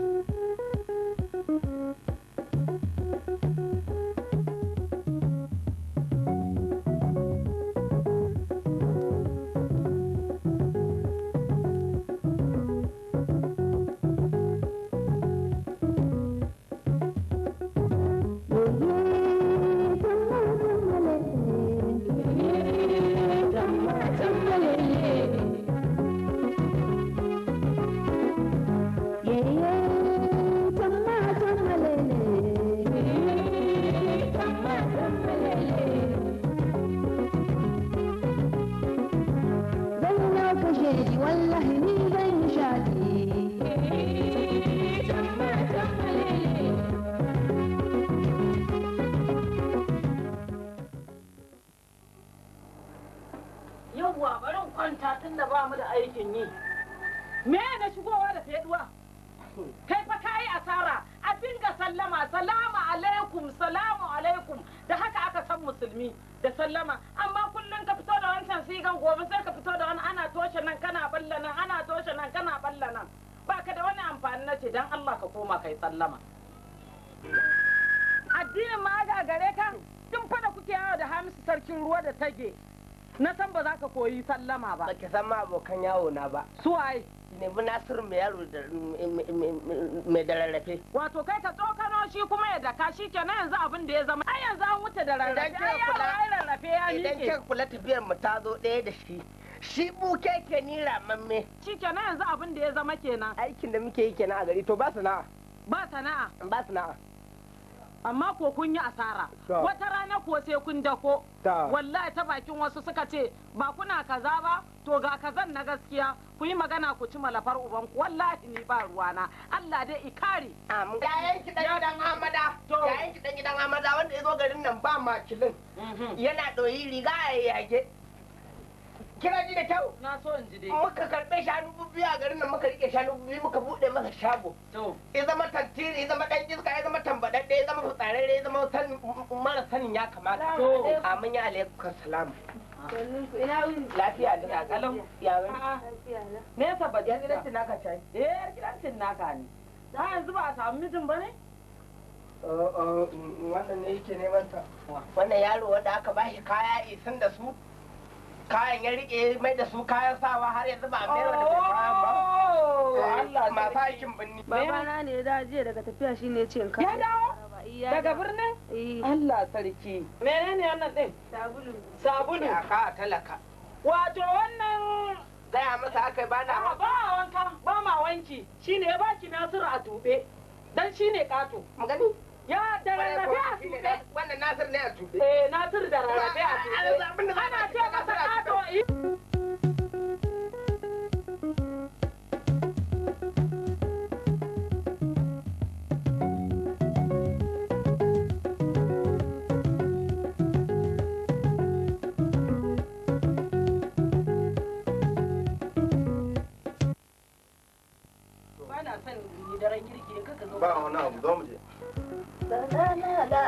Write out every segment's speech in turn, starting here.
Thank you. koyi sallama ba baki san ma abokan yawo na ba su ai nemi nasiru mai yaro mai da rarrafe wato kai ka tsokano shi kuma ya daka shi na yanzu abin da ya zama ai yanzu an wuce da rarrafe ai yawo ai rarrafe ya miƙe idan kika kula tafiyar mu ta zo ɗaya da shi shi buke ke ni ramamme shi na yanzu abin da ya zama kenan aikin da muke yi kenan a gari to ba sana'a ba sana'a ba sana'a amma ko kun yi asara wata rana ko sai kun dako wallahi ta bakin wasu suka ce ba kuna kaza ba to ga kazan na gaskiya ku yi magana ku ci malafar uban ku wallahi ni ba ruwana Allah dai ikari amin yayan ki dan gidan Amada ki dan gidan Amada wanda ya zo garin nan ba makilin mhm. yana doyi riga ya yage kira ji da kyau na so in ji dai muka oh, karbe shanu biyu a garin nan muka rike shanu biyu muka bude masa shago to ya zama tantiri ya zama dan iska ya zama tambadadde ya zama fitsararre ya zama san mara sanin ya kamata to amin ya alaikum salam ina wuni lafiya da kakalin ya wani me yasa ba ya eh, gidan tin naka chai eh gidan tin naka ne da yanzu ba a samu mijin ba ne oh, oh, mm, mm, wannan ne yake neman ta wannan yaro wanda aka bashi kaya isin da su kayan ya rike mai da su kayan sawa har yanzu ba mai da kayan ba oh, eh, Allah masu aikin binni babana ne ya dawo daga tafiya shine ne ce in ya dawo daga birnin eh. Allah sarki menene wannan din sabulu sabulu ya ka talaka wato wannan Zaya masa aka ba na ba wanka ba ma wanki Shi ne ya baki nasiru a tube dan ne kato magani ya da rarrafe a tuɗe wannan nasiru ne a tuɗe eh nasiru da rarrafe a tuɗe ana ce masa kato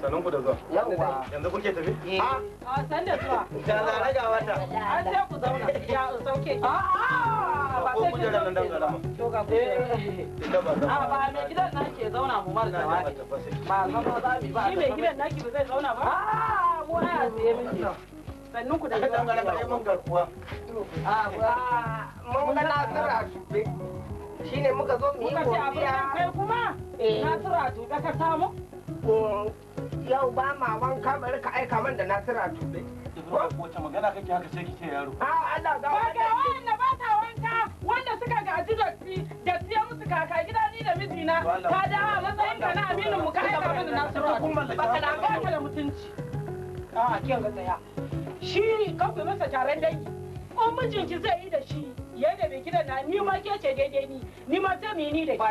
sanin ku da zuwa yawa yanzu kuke tafi eh. a san da zuwa da zare ga wata an sai ku zauna ya sauke ki a ba sai ki zauna da zama to ga ku eh. a ba mai gidan na ke zauna mu mar da wani ba zama za mu ba shi mai gidan naki ba zai zauna ba a mu na tsaye miki sannin ku da zuwa ga ga mun garkuwa a mun ga na tsara shi shine muka zo mu yi godiya kai kuma na tsara duka ka samu yau ba ma wanka bari ka aika man da nasira tuɗe. Wace magana kake haka sai kike yaro. A Allah ga wani. Ba wanda ba ta wanka wanda suka gaji dotti da siya musu kaka gida ni da mijina ta da a matsayin ka na aminu mu ka aika man da nasira tuɗe. Ba ka da ba da mutunci. A kiyan ga tsaya. Shi kawai masa taron dangi. Ko mijinki zai yi da shi. yadda mai gidan na ni ma ke ce daidai ni ni ma ta mi ni da ba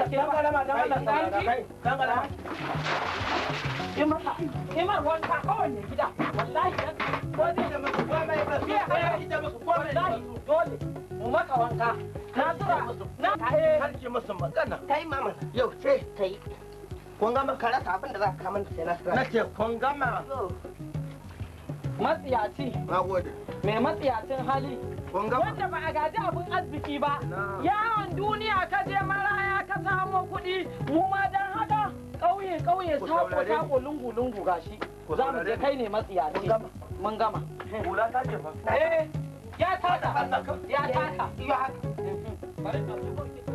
kun gama abin da za ka na nake kun gama matsiyaci na gode mai matsiyacin hali wanda ba a gaji abin arziki ba yawon duniya ka je maraya ka samo kuɗi mu ma don haka ƙauye ƙauye sako sako lungu lungu gashi za mu je kai ne matsiyaci mun gama hula ta ce fa eh ya taka ya taka iya haka eh, hmm.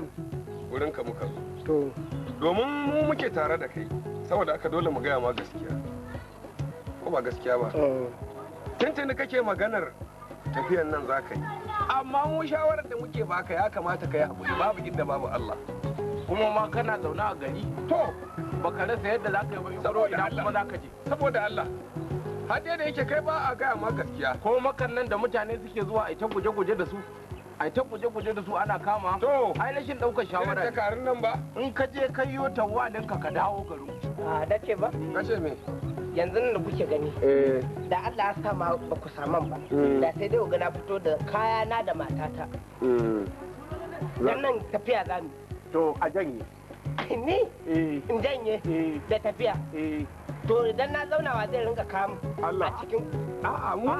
nan wurin ka muka zo to domin mu muke tare da kai saboda aka dole mu gaya ma gaskiya ko ba gaskiya ba tuntuni kake maganar tafiyan nan za ka yi amma mu shawarar da muke baka ya kamata ka yi haƙuri babu inda babu Allah kuma ma kana zaune a gari to baka rasa yadda za ka yi ba saboda ina kuma za ka je saboda Allah har da yake kai ba a gaya ma gaskiya ko makan nan da mutane suke zuwa a ita guje-guje da su ai ta guje-guje da su ana kama to ai rashin daukar shawara ne karin nan ba in ka je kai yo tawalin ka ka dawo garu a dace ba kace me yanzu nan da kuke gani eh. da Allah ya sa ma ba ku saman ba hmm. da sai dai ga na fito da kaya na da matata hmm. nan tafiya za mu to a janye ni eh. in janye eh. da tafiya to idan na zauna wa zai rinka kamu a cikin a'a mu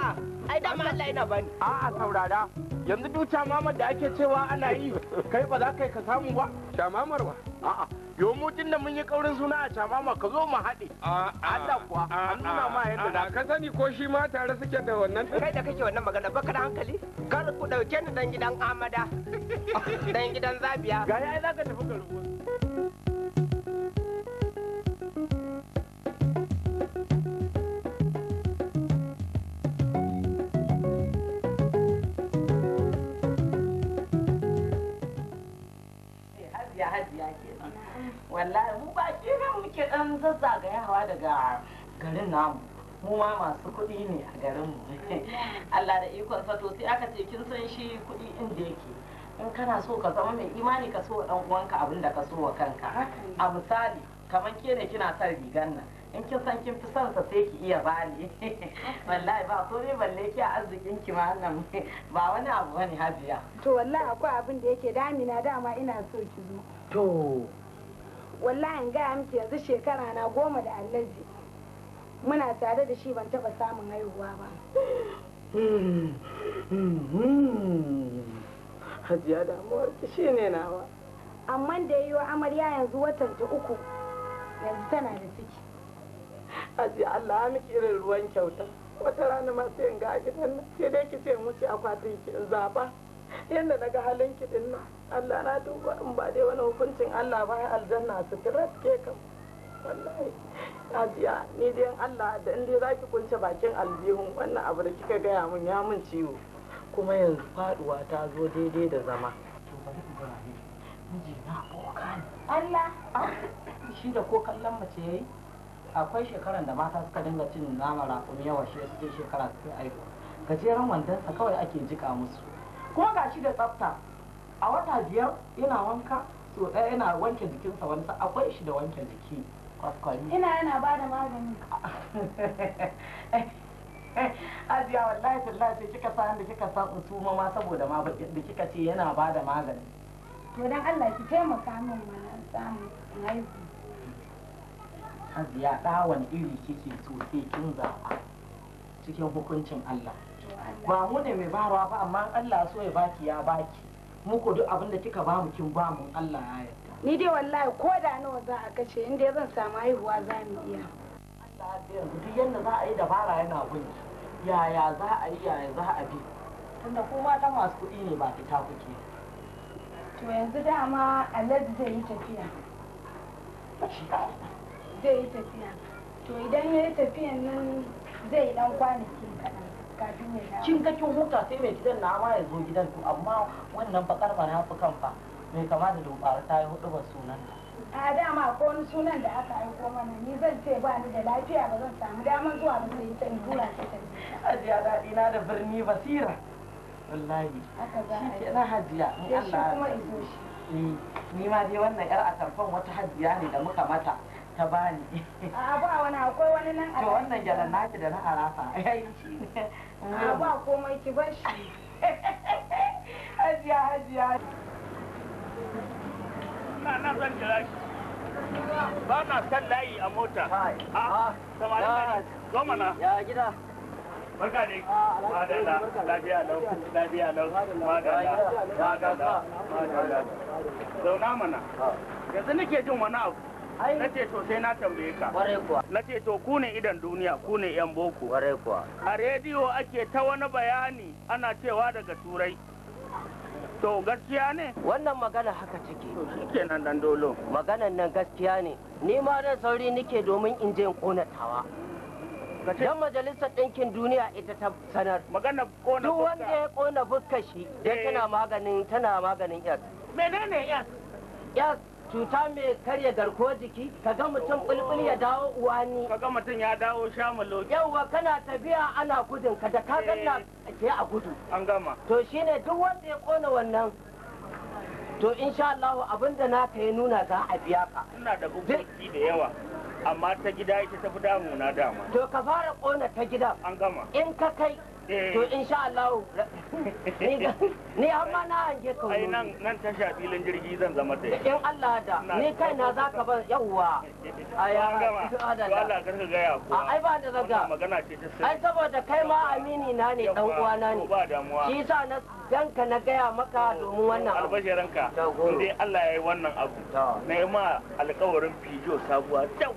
ai dama Allah yana bani a'a saurara yanzu duk camamar da ake cewa ana yi kai ba za ka ka samu ba camamar ba a'a yau tun da mun yi kaurin suna a shamamar ka zo mu haɗe Allah kuwa an nuna ma yadda za ka sani ko shi ma tare suke da wannan kai da kake wannan magana baka da hankali kar ku dauke ni dan gidan amada dan gidan zabiya ga ai za ka tafi garuwa hajiya kenan wallahi mu ba nan muke dan zazzagayawa daga garin namu mu ma masu kuɗi ne a garin mu. Allah da ikon sa to sai aka ce kin san shi kuɗi inda yake in kana so ka zama mai imani ka so dan uwanka abin da ka so wa kanka a misali kamar ke ne kina son rigan nan in kin san kin fi son sa sai ki iya bani wallahi ba so ne balle ki arzikin ki ma nan ba wani abu bane hajiya to wallahi akwai abin da yake damina dama ina so ki zo to wallahi ga miki yanzu shekara na goma da allaji muna tare da shi ban taba samun haihuwa ba hmm, hmm, hmm. hajiya damuwar ki shine nawa amma da yayi amarya yanzu watan ta uku yanzu tana da Aji Allah miki irin ruwan kyauta. Wata rana ma sai in ga gidan nan sai dai ki ce akwatin ki in zaba. Yanda na ga halin ki din nan Allah na duba in ba dai wani hukuncin Allah ba aljanna su tirat ke kam. Wallahi ajiya ni dai Allah da in dai zaki kunce bakin aljihun wannan abu da kika gaya mun ya mun ciwo. Kuma yanzu faduwa ta zo daidai da zama. Allah! Ah, shi da ko kallon mace yayi? akwai shekaran da mata suka dinga cin nama raƙumi yawa shi suke shekara suke aiko gajeren wandonsa kawai ake jika musu kuma ga shi da tsafta a wata biyar yana wanka so ɗaya yana wanke jikinsa wani sa akwai shi da wanke jiki ina yana ba da magani ajiya wallahi tallahi sai kika sa da kika sa su ma saboda ma da kika ce yana ba da magani to dan Allah ki taimaka min mana samu haihu hajiya ɗa wani iri kike so sai kin zaɓa cikin hukuncin Allah ba mu ne mai barwa ba amma Allah so ya baki ya baki mu ko duk abin da kika bamu kin bamu Allah ya yarda ni dai wallahi ko da nawa za a kashe inda zan samu haihuwa za mu iya Allah ya duk yanda za a yi dabara yana gunki yaya za a yi yaya za a bi tunda ko mata masu kuɗi ne ba fita kuke to yanzu dama Alhaji zai yi tafiya zai yi tafiya to idan ya yi tafiyan nan zai yi dan kwanaki kaɗan kafin ya kin ga kin huta sai mai gidan na ma ya zo gidan to amma wannan bakar kan fa mai kama da dubara ta yi hudu ba sunan a dama ko wani sunan da aka ko mana ni zan ce ba ni da lafiya ba zan samu daman zuwa ba sai ta tura ta ta ajiya daɗi na da birni basira wallahi haka za a yi na hajiya ni Allah kuma iso shi eh, ni ma dai wannan yar a atarfan wata hajiya ne da muka mata ta bani a ba wani akwai wani nan a wannan gyalan naki da na arafa ne a ba ki bar shi hajiya hajiya na na zan jira ki ba na san layi a mota a ah, ah, samarin zo mana ya gida barka ne ah, madalla lafiya lau lafiya lau madalla madalla madalla zauna mana yanzu nake jin wani abu na ce to sai na tambaye ka na ce to ku ne idan duniya ku ne yan boko a rediyo ake ta wani bayani ana cewa daga turai to gaskiya ne wannan magana haka take to shikenan dan dolo maganan nan gaskiya ne ni ma dan sauri nike domin in je in kona tawa dan majalisar ɗinkin duniya ita ta sanar magana kona duk wanda ya kona fuska shi dan tana eh. maganin tana maganin yas menene yas yas cuta mai karya garko jiki ka ga mutum bulbul ya dawo uwani ga mutum ya dawo shamalo yauwa kana tafiya ana gudun ka da ka eh. ganna ke a gudu an gama to shine duk wanda ya kona wannan to insha Allah abinda naka ya nuna za a biya ka ina da gugu da yawa amma ta gida ita tafi na dama to ka fara kona ta gida an gama in ka kai Eh. to insha Allah ni amma na hange ka ai nan nan ta sha filin jirgi zan zama da in Allah da ni kai na zaka ba yawa aya to Allah kar ka gaya ko ai ba da zaga magana ce ta sai ai saboda kai ma amini na ne dan uwa na ne ba damuwa shi yasa na danka na gaya maka domin wannan albashiranka in dai Allah ya yi wannan abu na yi ma alƙawarin fijo sabuwa dau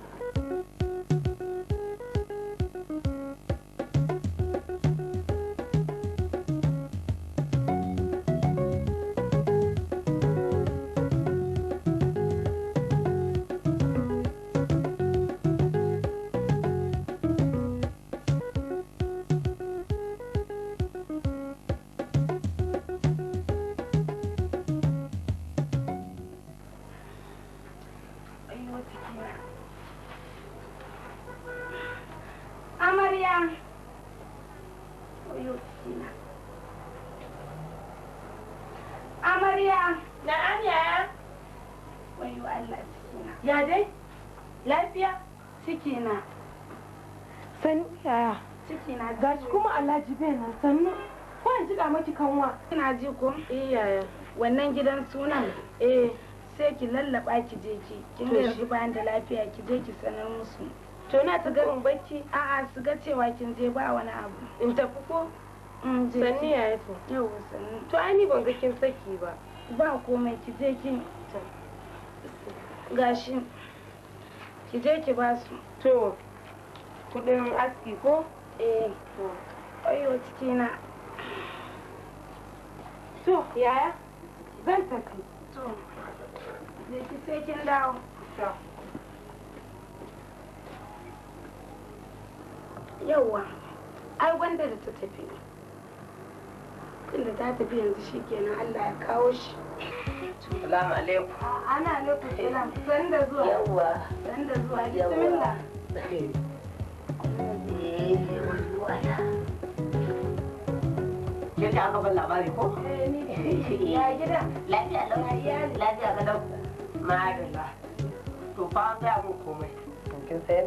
eh wannan gidan sunan eh sai ki lallaba ki je ki kin ga shi bayan da lafiya ki je ki sanar musu to na ta garin bacci a'a su ga cewa kin je ba wani abu in tafi ko mm, sanni ya yi to yau sanni to ai ni ban ga kin saki ba ba komai ki je kin gashi ki je ki ba su to kudin aski ko eh to ayo cikina To, yaya? Zan tafi. To, da ki sai kin dawo. Yawwa, ai wanda da ta tafi. Tunda ta tafi yanzu shi kenan Allah ya kawo shi. Salamu alaikum. Ana alaikum salam. Zan eh. da zuwa. Yawwa. Zan da zuwa. Bismillah. Eh, eh wani wata. Kin ta aka ban labari ko? Eh. ya gida lafiya lafiya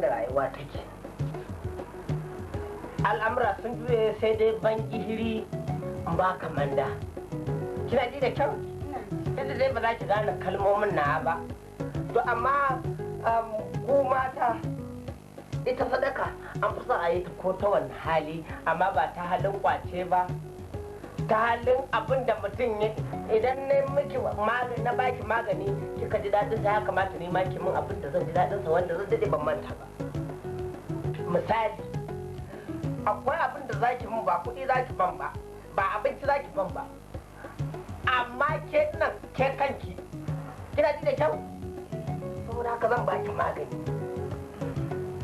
rayuwa take al'amura sun juye sai dai ban gihiri in ba ka manda kina ji da kyau yadda dai ba za ki gane kalmomin na ba to amma um, ku mata um, ita sadaka an fi a yi ta ko ta wani hali amma ba ta halin kwace ba dalin abin da mutum ya idan ne miki magani na baki magani kika ji dadin sa ya kamata ne ma ki min abin da zan ji dadin sa wanda zan dade ban manta ba misali akwai abin da zaki min ba kuɗi zaki ban ba ba abinci zaki ban ba amma ke nan ke kanki kina ji da kyau saboda haka zan baki magani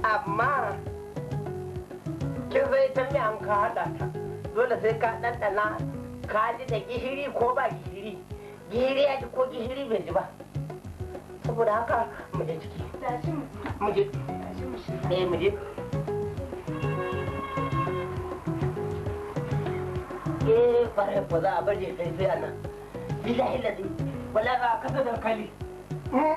amma kin zai ta me an ka hada ta dole sai ka ɗanɗana ka ji da gishiri ko ba gishiri gishiri ya ji ko gishiri bai ji ba saboda haka mu je ciki mu je eh mu je eh bare ko za a bar je sai sai anan billahi ladin wala ka kasa da kali eh?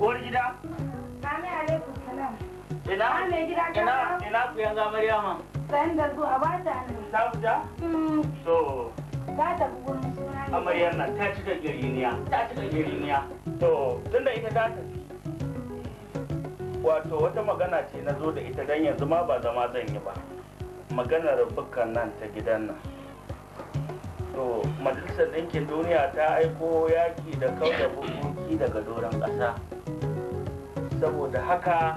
Uwar gida? Ami alaikum salam. Ina? gida ka Ina ina ku yan da zuwa ba ta nan. Ta fita? So. Mm. Za ta bugun suna Amaryar nan ta cika giriniya. Ta cika giriniya. To tunda ita ta tafi. Wato wata magana ce na zo da ita don yanzu ma ba zama zan yi ba. Maganar bukan nan ta gidan nan. to majalisar ɗinkin duniya ta aiko yaƙi da kauda bukuki daga doron ƙasa saboda haka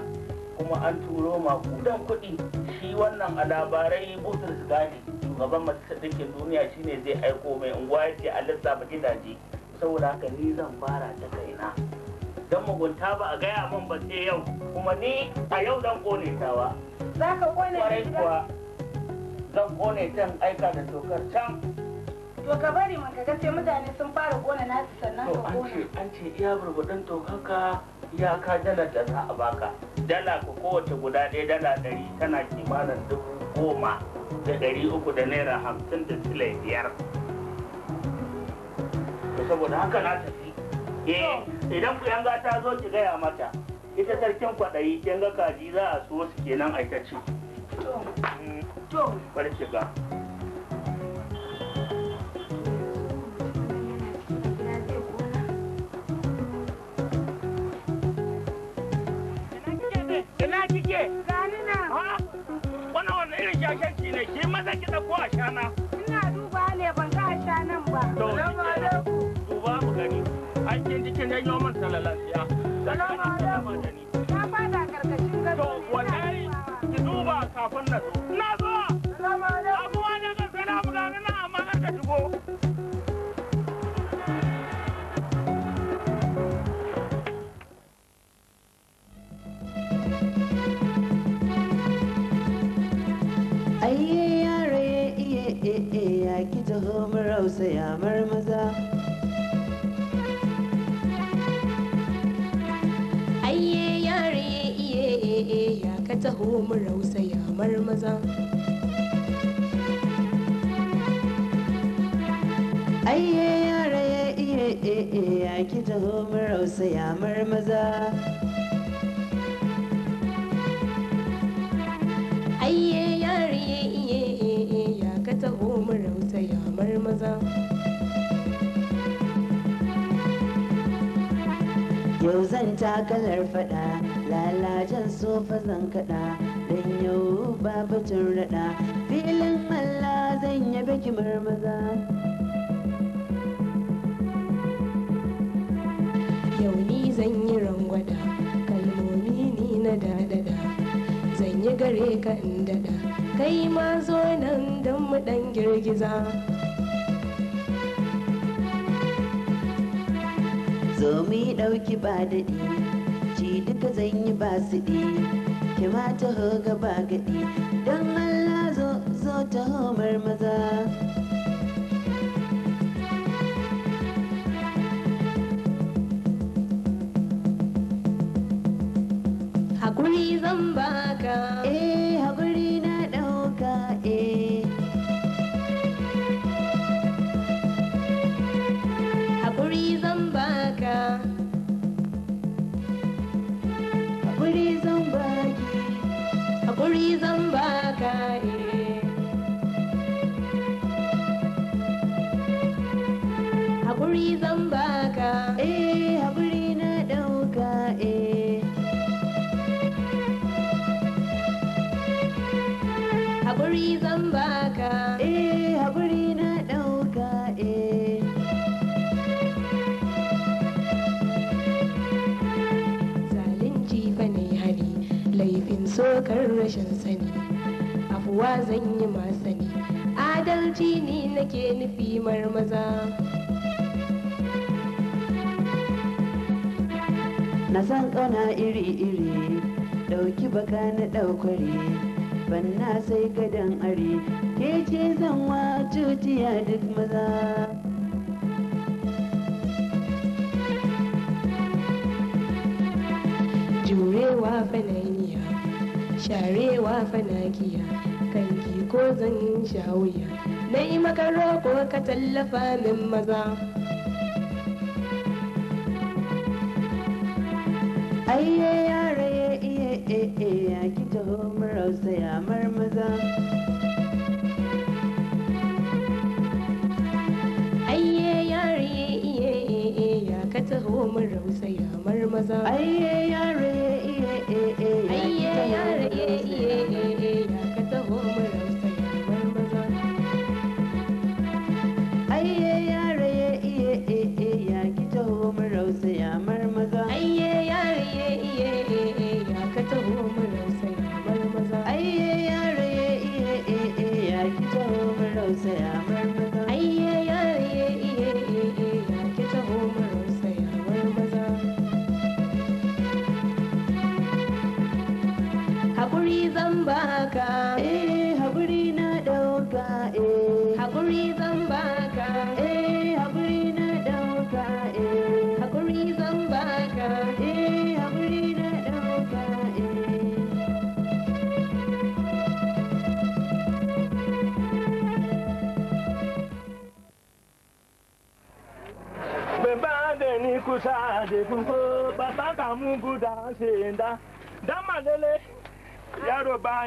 kuma an turo makudan kuɗi shi wannan a labarai butus gani shugaban majalisar ɗinkin duniya shine zai aiko mai unguwa ya ce a lissafa gidaje saboda haka ni zan fara ta kaina don mugunta ba a gaya min ba sai yau kuma ni a yau zan kone ta ba za ka kone ta zan kone can aika da tokar can To ka bari man ka sai mutane sun fara gona nasu sannan ka gona. An ce iya burbuɗin dokaka ya ka dalar da za a baka. Dala ku kowace guda ɗaya dala ɗari tana kimanin dubu goma da ɗari uku da naira hamsin da silai biyar. Saboda haka na tafi. Eh, idan ku yanga ta zo ki gaya mata. Ita sarkin kwaɗayi kin ga kaji za a so su kenan aikaci. To, mm. to, bari kike? Gani na. Wani wani irin shashanci ne ki maza ki ɗauko a shana. Ina duba ne ban ga a shanan ba. To duba mu gani. An kin ji kin janyo min talalaciya. Salamu alaikum. Na fada karkashin gado. To wallahi ki duba kafin na zo. ga ki taho mu mar maza. ayye yare iye ya ka taho mu mar maza. ayye yare iye ya ki taho mu rausaya marmaza ayye yare iye ya ka taho mu rausaya maza yau zan takalar fada lalajen sofa zan kada don yau babatun rada filin malla zan yabe kimar maza yau ni zan yi rangwada kalmomi ni na dadada zan yi gare ka in kai ma zo nan don mu dan girgiza zo mu yi ɗauki ba daɗi ci duka zan yi ba su ɗi ki ma taho gaba gaɗi don Allah zo zo taho maza.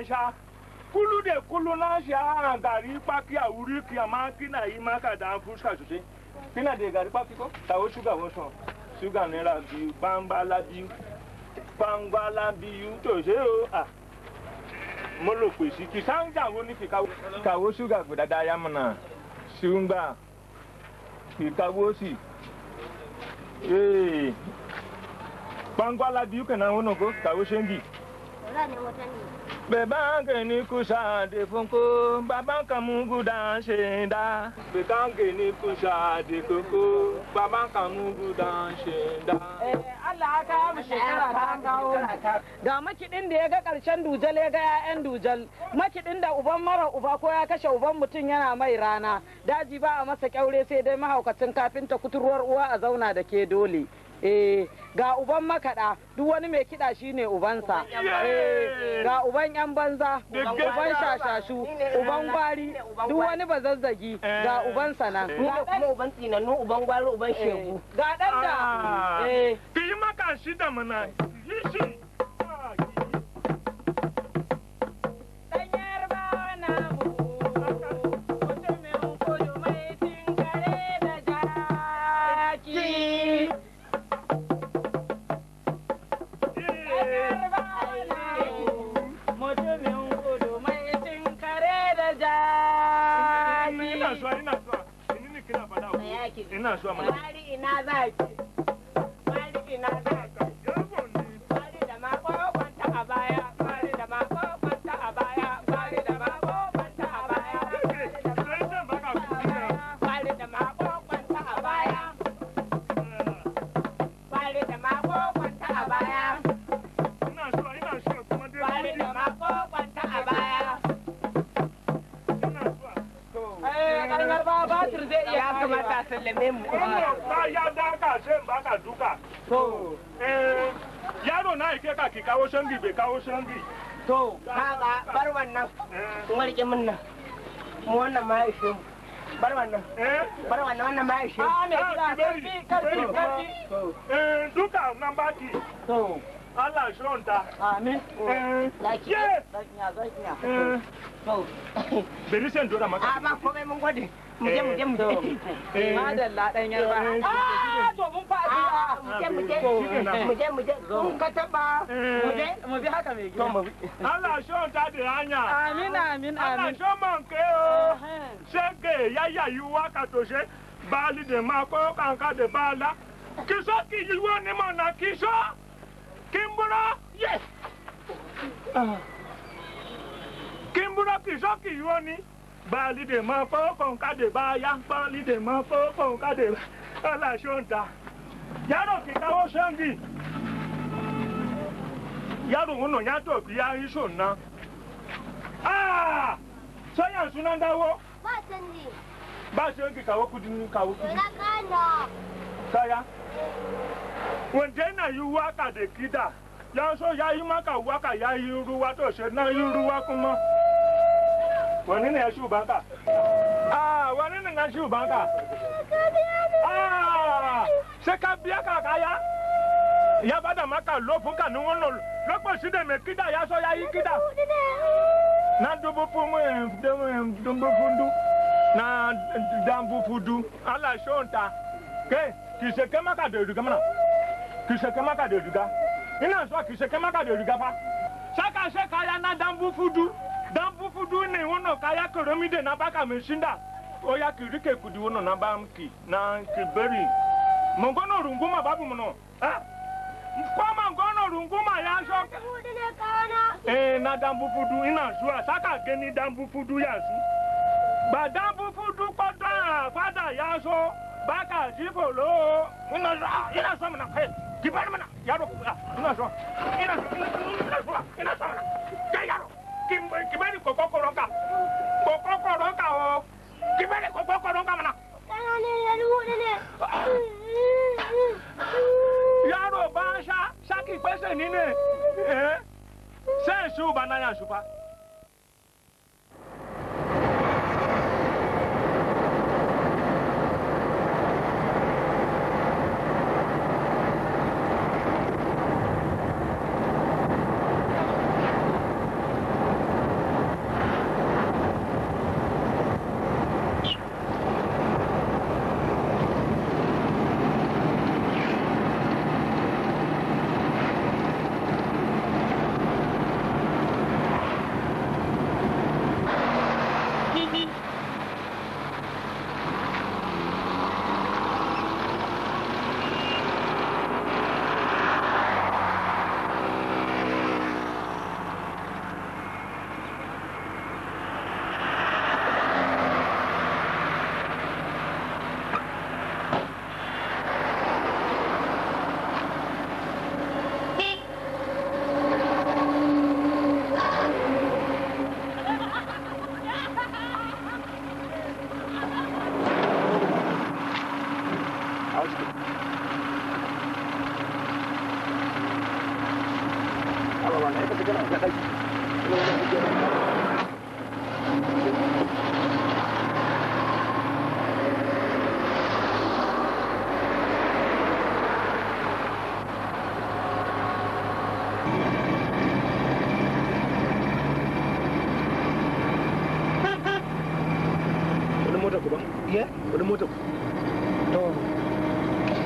lansha kulu de kulu lansha an gari paki a wuri ki a man kina yi man ka dan fuska sose kina de gari paki ko ta o suga wo sọn suga ne la bi gbangba la bi gbangba la o a mo lo pèsè kì sáńjà wo ni kìka kìka wo suga gbẹdada ya mu na sungba kìka wo si ee gbangba la bi yu kana wo na ko kìka o la ni mo tẹ ni. Be bange ni kusa de funko, baban kamu gudan shenda. Be bange ni kusa de koko, baban kamu gudan shenda. Eh, Allah ka mu shekara ta kawo Ga makiɗin da ya ga ƙarshen dujal ya ga 'ya'yan dujal. Makiɗin da uban mara uba ko ya kashe uban mutum yana mai rana. Daji ba a masa kyaure sai dai mahaukacin kafinta kuturwar uwa a zauna da ke dole. eh ga uban makaɗa duk wani mai kiɗa shine ubansa eh, ga uban yan banza uban shashashu uban gwari duk wani bazazzagi ga eh. ubansa nan ga kuma uban tsinannu uban gwari uban eh, shegu ga ɗan da ah. ki yi maka shi da mana yi shi ina zuwa mana ina za ki to kaga bar wannan eh. mu wannan ma ishe mu bar wannan eh. bar wannan wannan ma ishe ah, me karfi karfi karfi eh duka nan to Allah Amin. Laki. Eh. To. dora maka. Ah, ba komai mun gode. Mu je mu je mu Madalla dan Ah to mun muje muje muje muje kun ka taba eh. muje muje haka mai gida Allah sho ta da hanya amin amin amin Allah sho man ke o shege yaya yuwa ka to she bali de ma ko kanka de bala kiso ki yiwo ni mo na kiso kimbura yes kimbura kiso ki yiwo ni bali de ma ko kanka de baya bali de ma ko kanka de Allah sho ta yaro ki kawo shangi yaro wannan ya tofi ya yi shon nan ah sai yanzu ba shangi ba shangi kawo kudin kawo kudin na kano saya wanda na yi waka da ya so ya yi maka ya yi ruwa to sai na yi ruwa Wani ne ya shuba ka? Ah, wani ne ya shuba ka? Ah, sai ka biya ka kaya? Ya bada maka lofun ka nun wannan lokacin da mai kida ya so ya yi kida. Na dubu fundu, na dambu fudu, Allah shonta. Ke, ki se ke maka da ruga mana. Ki se ke maka da ruga. Ina so ki se ke maka da ruga fa. Saka se kaya na dambu fudu. kuduni wono kaya keremide na baka o ya oya kirike kudi wono na bamki na kiberi mongono runguma babu mono eh kwama ngono runguma ya shoka eh na dambu fudu ina shua saka geni dambu fudu yasu ba dambu fudu kwada kwada yaso baka jifo lo ina so ah, ina so mana kai kiberi mana yaro ah, ina so ina ina so ina so kimani koko koronka koko koronka o kimani koko koronka mana. yaro ba sa saki pese nine ẹ sẹ esu banaya supa.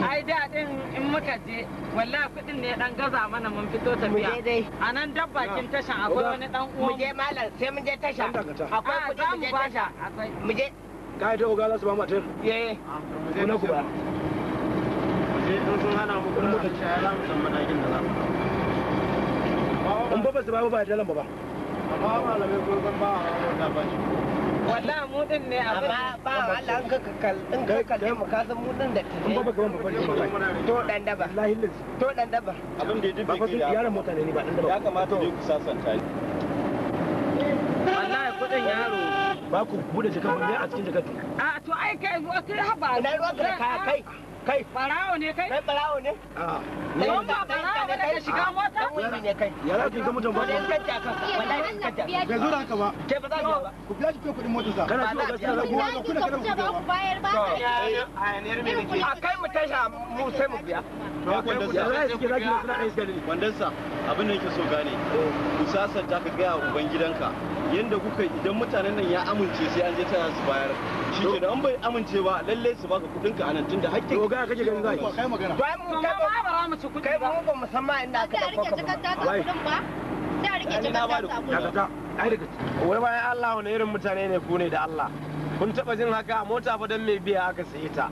ai da din in muka je wallahi kudin ne dan gaza mana mun fito tafiya a nan dabba dabbakin tashan akwai wani dan uwa mu je malam sai mun je tasha akwai kudi mu je tasha mu je kai ta oga za su ba mu atir eh kuna ku ba mu je in kuma da shaya za mu san madakin da za mu in ba ba su ba ba da lamba ba amma malamai ko zan ba a rawar da ba shi walla mu din ne amma ba Allah in ka in ka kalle mu ka san mu din da tije ba gaban ba to dan daba wallahi to dan daba abin da ya ba fa yaran mutane ne ba dan daba ya kamata ku sasanta ni wallahi kudin yaro ba ku bude jaka ne a cikin jaka a to ai kai zo kai haba ina ruwa ka kai kai barawo ne kai kai ne don ah. ba ne kai shiga ah. mota wani ne kai ya za ga mutum ba ne kai ta wallahi ta bai zura ka ba kai ba za ba ku biya kudin sa kana so gaskiya rabuwa ga ku ku bayar ba a kai mu tasha mu sai mu biya Wandansa abin da yake so gane ka gaya wa ubangidanka yadda kuka idan mutanen nan ya amince sai an je tana su bayar shi ke da an bai amince ba lallai su baka kudinka a nan hakkin tambaya kake ganin zai kai magana ba mu kai ba ba mu ci kudi kai mu ba mu san ma inda aka dauko ka ba da kudin ba da rike jikar ta ta ai daga wai bayan Allah wani irin mutane ne ku ne da Allah kun taba jin haka a mota fa dan mai biya aka saye ta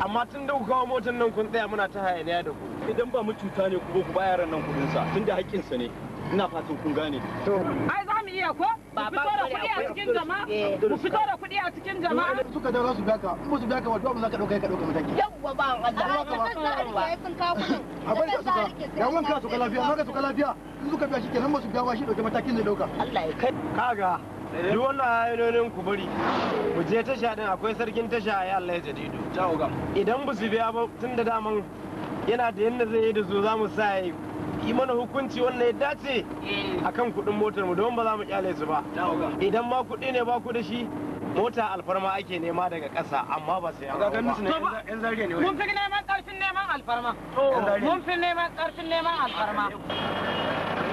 amma tun da ku kawo motar nan kun tsaya muna ta hayaniya da ku idan ba mu cuta ne ku ku bayar nan kudin sa tunda haƙƙin sa ne ina fatan kun gane ai za mu iya ko ku fito da kuɗi a cikin jama'a ku fito da kuɗi a cikin jama'a suka da su biya ka in su baka ka wato ba za ka dauka ka dauka mataki yawwa ba Allah ba ka a bari ka suka ya mun ka suka lafiya ma ka suka lafiya in suka biya shi kenan ba su biya ba shi dauke matakin zai dauka Allah ya kai kaga duk wannan hayoyin ku bari ku je tasha din akwai sarkin tasha ya Allah ya jadidu idan ba su biya ba tun da daman yana da yadda zai yi da su za mu sa yi. yi mana hukunci wannan ya dace eh. kan kudin motar mu don ba za mu kyale su ba idan ma kudi ne ba ku da shi mota alfarma ake nema daga ƙasa amma ba sai an ba. Mun fi neman karfin neman alfarma. Mun fi neman neman alfarma.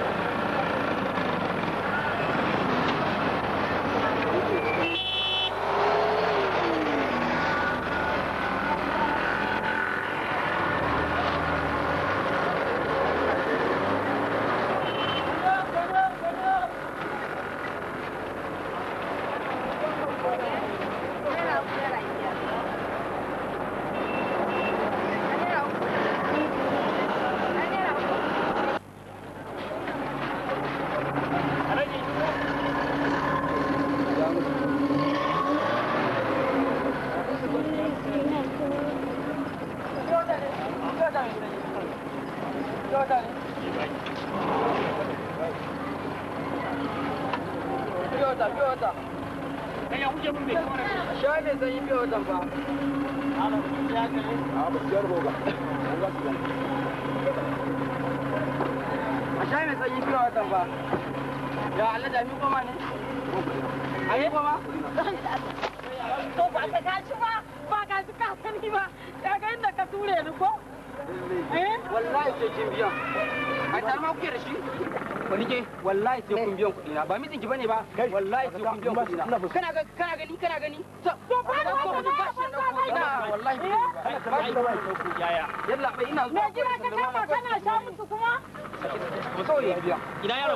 da mi goma ne goma to ba ka ba ba ka ji ka sani ba inda ka ture ni ko eh? wallahi kin biyan ma kuke da shi ko. ke wallahi sai kun biyan kuɗi na ba mijin ki bane ba wallahi sai kun biyan kuɗi na kana ga kana gani kana gani to ba ko ba shi na kuɗi na wallahi ba shi da wai ku yaya yalla bai ina zuwa ne jira ka kama kana sha musu kuma ko so ya biya ina yaro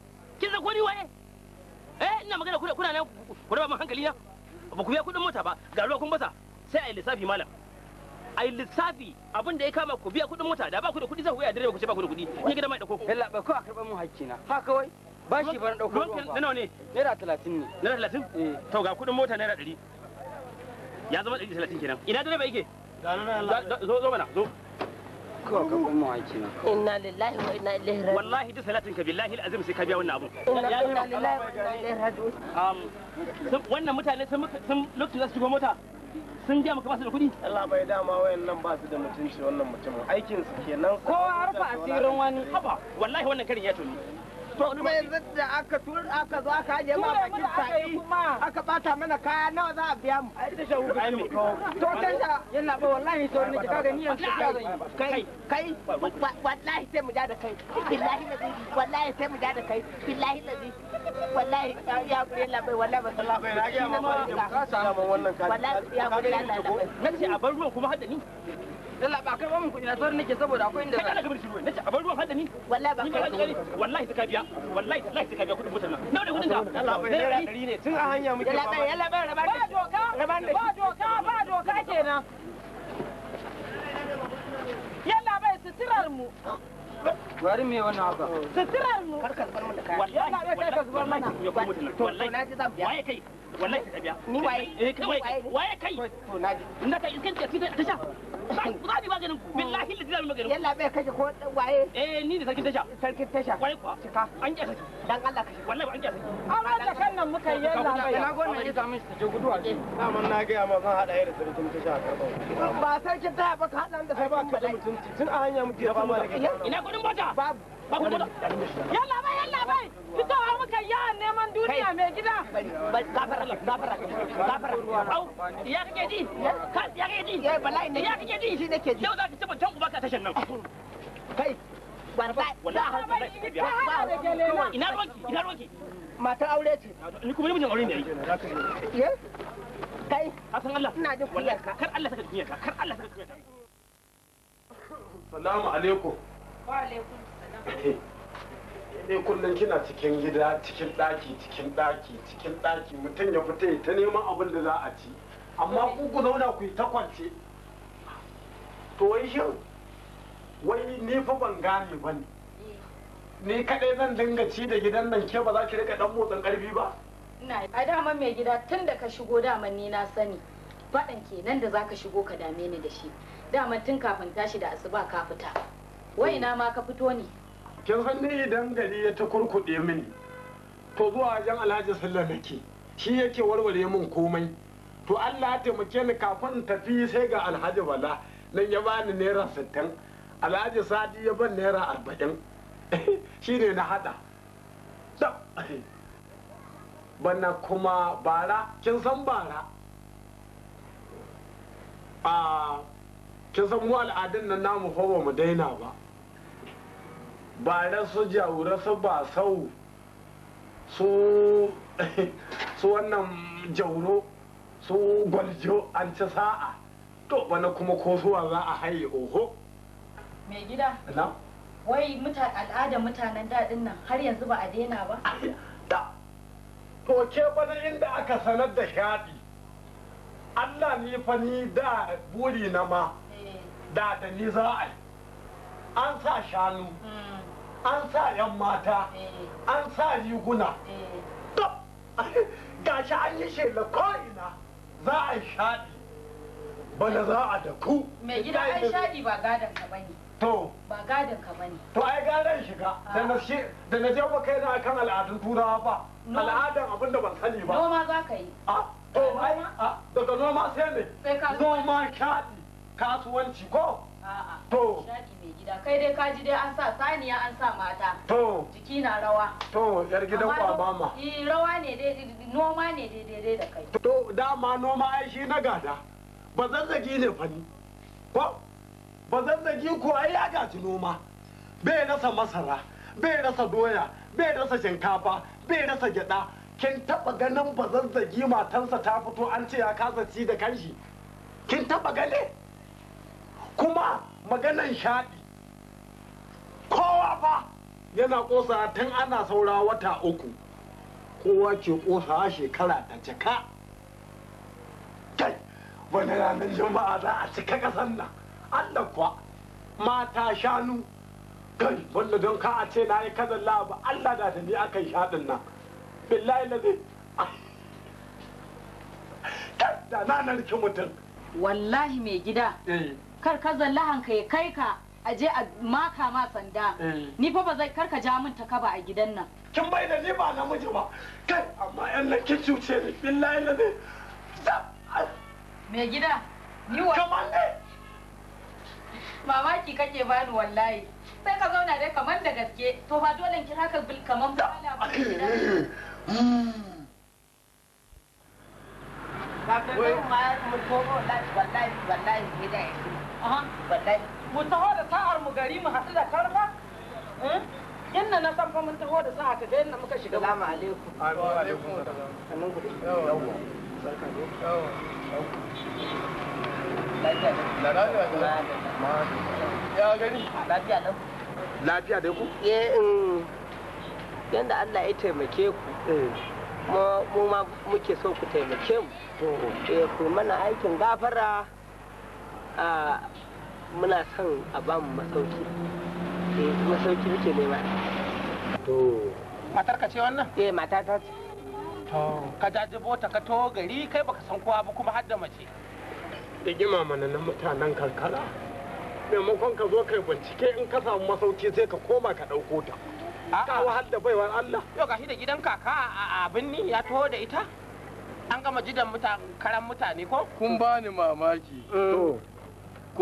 kin san ko waye eh ina magana kuna kuna nan ku raba min hankali ya ba ku biya kudin mota ba ga ruwa kun basa sai ai lissafi malam ai lissafi abin da ya kama ku biya kudin mota da ba ku da kudi za ku yi a direba ku ce ba ku da kudi ni gida mai dauko ku yalla ba ku a karɓar mun hakki na ha kawai ba shi ban dauko ruwan ba nawa ne naira 30 ne naira 30 eh to ga kudin mota naira 100 ya zama 130 kenan ina direba yake ga nan zo zo mana zo kawai ka kuma waki na inna lillahi wa inna ilaihi raji'un wallahi duk salatin ka billahi alazim sai ka biya wannan abu inna lillahi wa inna ilaihi raji'un wannan mutane sun sun lokacin za su shigo mota sun biya maka su da kuɗi Allah bai dama wayan nan su da mutunci wannan mutumin aikin su kenan ko a rufa asirin wani haba wallahi wannan karin ya tuni to kuma yanzu da aka tura aka zo aka haje ma bakin sa'i aka bata mana kaya nawa za a biya mu da mu to da yana ba wallahi to ne ni yanzu ka kai kai wallahi sai mu da kai billahi wallahi sai mu da kai billahi wallahi ya gure Allah bai wallahi ba sallahu alaihi wa sallam ka sa wannan kai wallahi ya gure Allah na ce a bar ruwa kuma hada ni Lalla ba kai ba mun kuɗi na sauran nake saboda akwai inda kai ka bar shi nace a bar ruwan hadda ni wallahi ba kai wallahi ta kabiya wallahi wallahi ta kabiya kuɗin nawa kuɗin ka Allah bai naira ɗari ne tun a hanya muke yalla bai yalla bai ba doka ba doka ba doka kenan yalla bai suturar mu Wari me wannan haka? Suturar mu. Karkar bar da kaya. Wallahi, wallahi, wallahi, wallahi, wallahi, wallahi, wallahi, wallahi, wallahi, wallahi, wallahi, wallahi, wallahi, wallahi, wallahi, wallahi, wallahi, wallahi, wallahi, wallahi ta biya ni waye eh kai waye kai to na inda kai iskan ce ta sha za ni maganin ku billahi lillahi zan maganin yalla bai kaje ko waye eh ni ne sarkin tasha sarkin tasha kuwa cika an ki dan Allah wallahi an ki amma da kan nan muka yi yalla bai gona ne guduwa na na ga hada da sarkin ba sarkin ba ka hada da sarkin tun a hanya muke ba ma ina gudun bata babu yalla bai yalla bai fitowa muka yawan neman duniya mai gida gafara gafara gafara au ya kake ji ya kake ji ya kake ji shi nake ji yau za ki ci mutum uba tashin nan ah. kai ina ruwanki ina ruwanki aure ce ni kuma aure ne yi kai asan Allah ina jin kar Allah saka kunyarka kar Allah saka salamu alaikum wa alaikum dai kullum kina cikin gida cikin daki cikin daki cikin daki mutum ya fita ya ta neman abin da za a ci amma ku ku zauna ku yi ta kwance to wai shin wai ni fa ban gane ba ne ni kadai zan dinga ci da gidan nan ke ba za ki rika dan motsin ƙarfi ba a daman mai gida tun da ka shigo daman ni na sani ke kenan da za ka shigo ka dame ni da shi daman tun kafin tashi da asuba ka fita wai na ma ka fito ne kin san ne idan gari ya ta kurkuɗe mini to zuwa wajen alhaji sallah nake shi yake warware min komai to allah ya taimake ni kafin tafi sai ga alhaji bala nan ya bani naira sittin alhaji sadi ya ban naira arba'in shi ne na hada bana kuma bara kin san bara a ah, kin san mu al'adun nan namu fa ba mu daina ba ba bare su jawura su ba sau su wannan jauro su gwaljo an ci sa'a to bana kuma ko zuwa za a haye oho mai gida na wai al'ada mutanen daɗin nan har yanzu ba a daina ba da to ke bana inda aka sanar da shaɗi Allah ni fa ni da buri na ma eh. da da ni za a an sa shanu hmm. an sa 'yan mata an sa riguna gashi an yi shela ko'ina za a yi shaɗi bana za a da ku mai gida an shaɗi ba gadon ka bane to ba gadon ka bane to ai gadon shiga ah. da na shi da na je kai na kan al'adun turawa ba al'adan abinda ban sani ba noma za ka yi a ah, to ai ah, daga noma sai ne noma shaɗi kasuwanci ko To. Shaɗi mai gida. Kai dai ka ji dai an sa saniya an sa mata. To. Jiki na rawa. To, yar gidan kwabama. Eh, rawa ne dai, noma ne dai dai da kai. To, dama noma ai shi na gada. Ba zazzagi ne fani. Ko? Ba zazzagi ko ai ya gaji noma. Bai rasa masara, bai rasa doya, bai rasa shinkafa, bai rasa gyaɗa. Kin taɓa ganin ba zazzagi matansa ta fito an ce ya kasa ci da kanshi. Kin taɓa ganin? kuma maganan shaɗi kowa fa yana ƙosa tun ana saura wata uku kowa ke ƙosa shekara ta cika kai wani ranar jama'a za a cika ƙasan nan allah kuwa mata shanu kai wanda don ka a ce na yi kazan laba allah da ta ne a kan shaɗin nan billahi na zai ah. da na narki mutum wallahi mai gida eh. kar ka zallahan ka ya kai ka a je a maka ma sanda eh. ni fa ba zai kar ka ja min ta kaba a gidan nan kin bai da ni ba namiji ba kai amma yan nan kin cuce ni billahi la ne me gida ni wa kamar ne mamaki kake bani wallahi sai ka zauna dai kamar da gaske to ba dole ki haka bil kamar ba Ba hmm. ko ma ko wallahi wallahi wallahi gida wallahi mu taho da sa'ar mu gari mu haɗu da karfa yadda eh? na san fa mun taho da sa'a ka ga yadda muka shiga salamu alaikum alaikum salam ku barka lafiya da lafiya ya gani lafiya da lafiya da ku eh yanda Allah ya taimake ku eh. mu ma muke so ku taimake mu oh. eh ku mana aikin gafara ah, muna son a ba mu masauki eh masauki muke nema to matar ka ce wannan eh mata ta ce to ka jaje ta ka to gari kai baka san kowa ba kuma har da mace rigima mana na mutanen karkara maimakon ka zo kai bincike in ka samu masauki sai ka koma ka ɗauko ta ka wahal da baiwar Allah yau gashi da gidan kaka a binni ya taho da ita an gama jidan karan mutane ko kun bani mamaki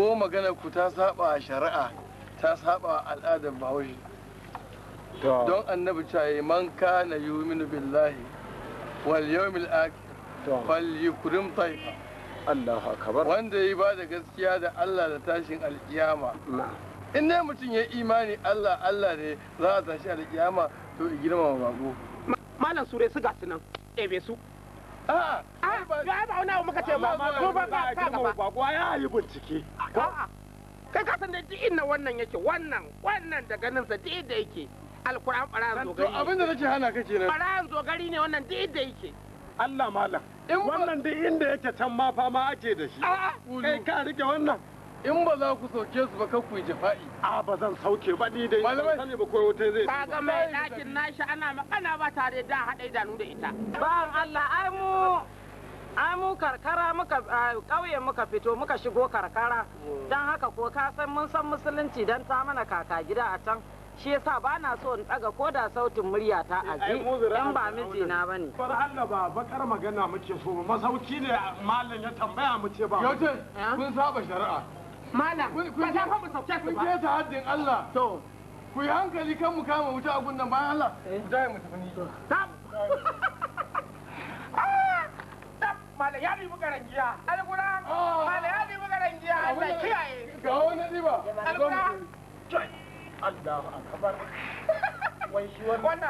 ko magana ku ta saba a shari'a ta saba a al'adar bahaushe don annabi cewa man kana yuminu billahi wal yawmil akhir fal yukrim taifa akbar wanda ya ba da gaskiya da Allah da tashin alkiyama in ne mutum ya imani Allah Allah ne za a tashi alkiyama to girmama bako malam sure su ga sunan ebe su A'a, ba wani abu muka ce ba, ko ba ka gaba. Ba ko ya yi bincike. Kai ka san da duk inda wannan yake, wannan, wannan da ganin sa duk inda yake. Alkur'an ɓarayan zogari. To abin da nake hana kake nan. Ɓarayan zogari ne wannan duk inda yake. Allah malam. Wannan duk inda yake can ma fama ake da shi. Kai ka rike wannan. in ba za ku sauke su ba kan ku yi jafa'i a ba zan sauke ba ni dai malamai sani ba koyo ta zai ba ga mai ɗakin nashi ana magana ba tare da haɗa idanu da ita bayan Allah ai mu ai mu karkara muka ƙauye muka fito muka shigo karkara dan haka ko ka san mun san musulunci dan ta mana kaka gida a can shi yasa ba na so in daga ko da sautin murya ta ji dan ba mijina ba ne. Bar Allah ba bakar magana muke so ba masauki ne malam ya tambaya mu ce ba. Eh? Yau kun saba shari'a. mala ba za mu ta haddin Allah ku yi hankali kan mu kama wuta a gundan bayan Allah eh. ku mu tafi ah, Mala ya Alkura. Ah. Mala wani riba. Alkura. shi wannan.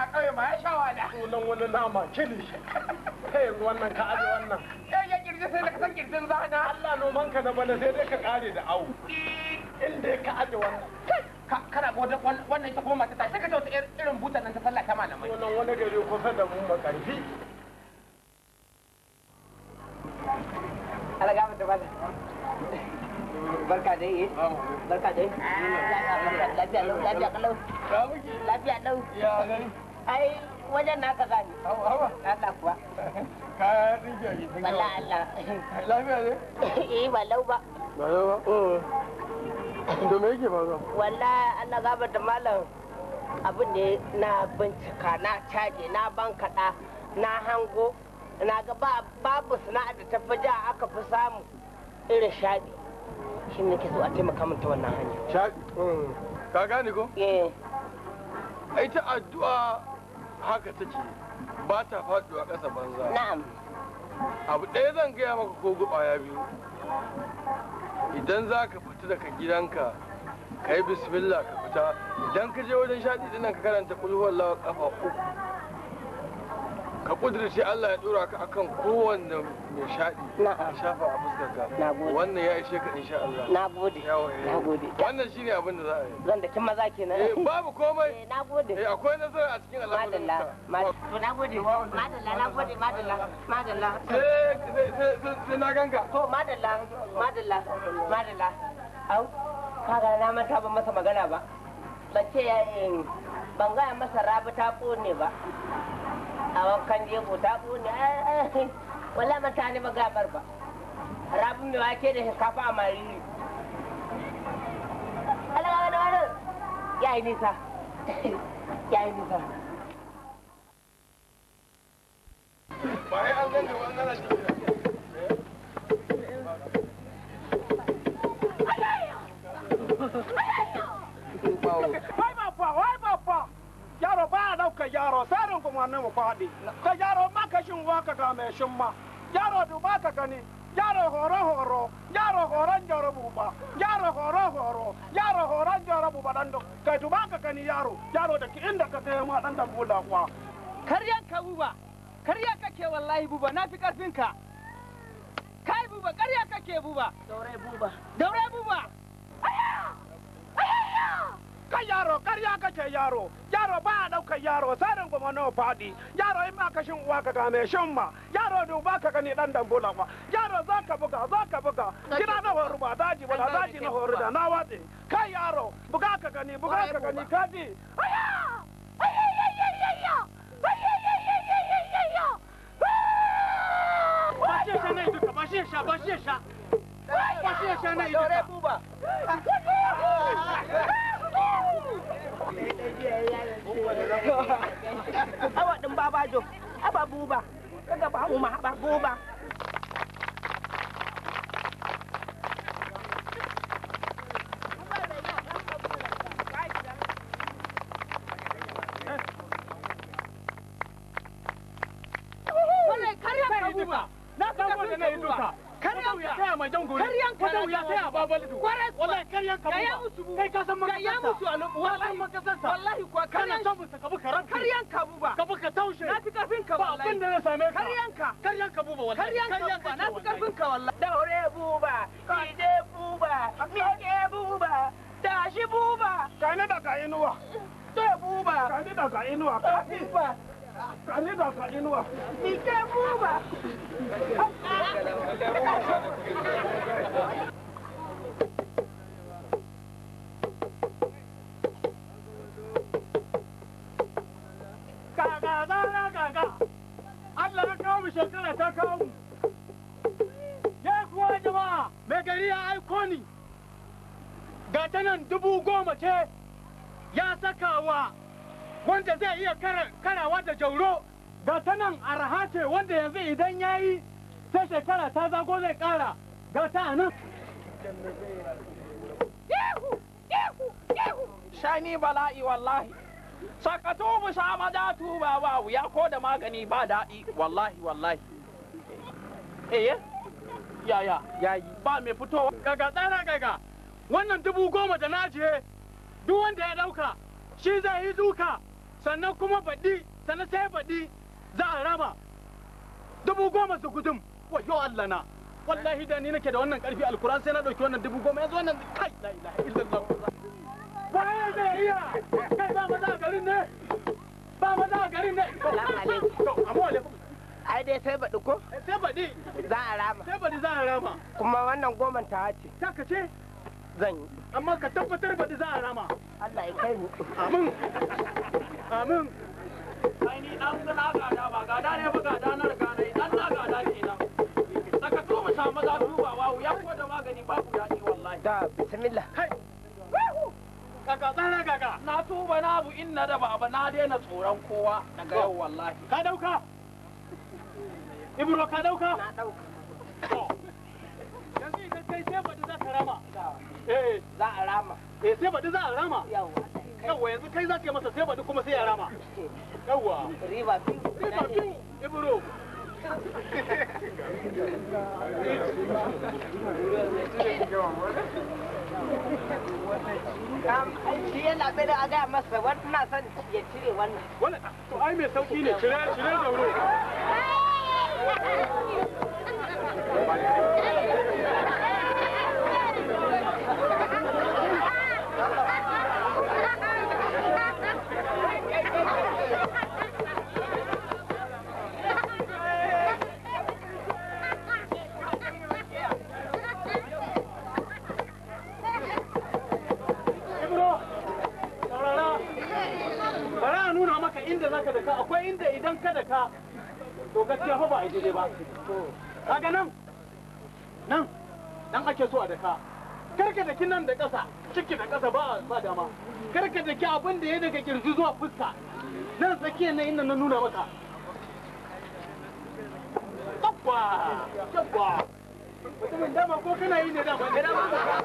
Wannan wannan ka aji wannan. Eh, da sai da kasan kirjin zana Allah noman ka na bana sai dai ka kare da awu Inda ka aje wannan kana ga wannan ita kuma mata ta sai ka tauta irin butan nan ta sallah ta malamai wannan wani gari kusa da mun makarfi Allah ga mutum bada barka dai eh? barka dai lafiya lafiya kalau lafiya kalau Ya dau ai wajen na ka zani Allah kuwa ka dinke shi Wala Allah lafiya ne eh ba lau ba ba lau ba oh to me yake faruwa wallahi Allah gabar da malam abin ne na bincika na caje na bankaɗa na hango na ga babu sana'a da tafi ja aka fi samu irin shaɗi shi ne ke so a taimaka min ta wannan hanya shaɗi mm. ka gane ko eh ai ta addu'a haka take ba ta faduwa ƙasa banza na'am abu ɗaya zan gaya maka ko ya biyu idan za ka fita daga gidanka ka yi bismillah ka fita idan ka je wajen shaɗi dinan ka karanta kulhuwar lawa ƙafa uku ka kudurce Allah ya dora ka akan kowanne shaɗi, a shafa a fuskarka wannan ya ishe ka insha Allah na gode na gode wannan shine abin da za a yi zan da kin maza kenan eh babu komai eh na gode eh akwai nazara a cikin al'amuran ka madalla na gode madalla na gode madalla madalla eh sai na ganga to madalla madalla madalla au kaga na manta ban masa magana ba ban yayin ban gaya masa rabi ta kone ba kan jego eh, eh, ta ne wala ta ne magabar ba rabin mai wake da shinkafa a mariri alaga wani ya yi nisa ya yi nisa ba an Bye-bye. ka yaro tarin kuma ne mu faɗi ka yaro ma ka shin wa ka me shin ma jaro du ba ka kani jaro horo horo jaro horon jaro bu ba jaro horo horo jaro horon jaro bu buba dan kai ba ka kani jaro jaro da ki inda ka kai ma dan da bula kwa karyan ka bu buba karya kake wallahi bu ba na fi karfin ka kai bu buba karya kake ba daure bu ba daure bu ba kai yaro karya kace yaro yaro ba a ɗaukar yaro sai goma na faɗi yaro in ma ka shin uwa ka game shin ma yaro duba ka gani dan dambula ma yaro za ka buga za ka buga kina na horu ba daji wala daji na horu da na wate kai yaro buga ka gani buga ka gani ka ji aya aya aya aya aya aya aya ba shi sha na iduka ba shi sha ba shi sha ba shi sha na iduka awa ɗin babajo aba buba kaga ba mu ma ba buba abubuwa mu shekara ta kawo mu ya kuwa jama'a mai gari ya aiko ni ga ta nan dubu goma ce ya sakawa wanda zai iya karawa da jauro ga ta nan arha ce wanda yanzu idan ya yi sai shekara ta zago zai kara ga ta nan shani bala'i wallahi sakato mu sama datu ba ba wuya ko da magani ba daɗi wallahi wallahi eh, eh. ya ya yayi ba mai fitowa gaga tsara gaga wannan dubu goma da najiye duk wanda ya ɗauka shi zai yi duka sannan kuma baɗi sannan sai baɗi za a raba dubu goma su gudun wayo Allah na wallahi da ni nake da wannan karfi alkuran sai na ɗauki wannan dubu goma yanzu wannan kai la ilaha illallah waye zai iya kai ba maza garin ne ba maza a garin ai dai sai baɗi ko eh, sai baɗi za a rama sai baɗi za a rama kuma wannan goman ta ce ta ka ce zan yi amma ka tabbatar baɗi za a rama Allah ya kai mu amin amin ai ni dan na gada ba gada ne ba gada na gada dan na gada kenan saka to mu samu za dubawa ya ko da magani ba ku daɗi wallahi da bismillah kai kaka tsare kaka na tuba na abu inna da ba na daina tsoron kowa daga yau wallahi ka dauka ibro ka dauka na dauka yanzu idan kai sai baɗi za ka rama eh za a rama eh sai baɗi za a rama yawa yanzu kai za ka yi masa sai baɗi kuma sai ya rama yawa riba fin riba fin ibro Thank you. yana bai da a gaya masa wani na to ai mai sauki ne cire cire da wuri. ka da ka akwai inda idan ka da ka to gaskiya fa ba a daidai ba kaga nan nan dan ake so a da ka karka daki nan da ƙasa ciki da ƙasa ba ba dama karka daki ki abin da ya daga kirji zuwa fuska nan tsakiyar nan inda na nuna maka tabba yabba mutumin dama ko kana yi ne dama ne dama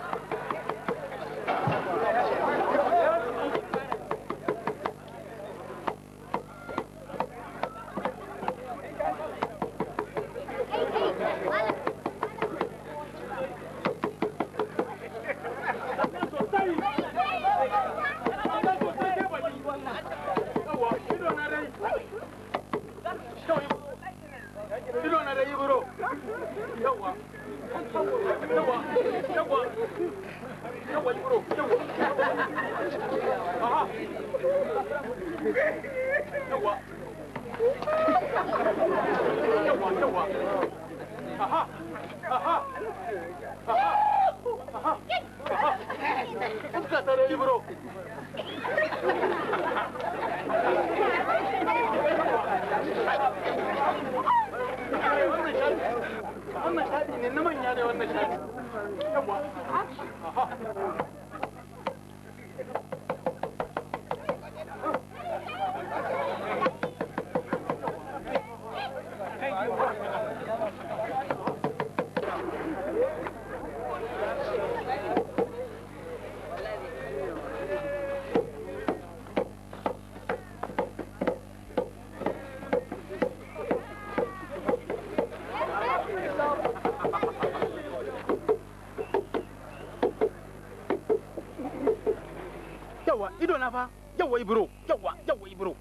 yawa ibro yawa yawa ibro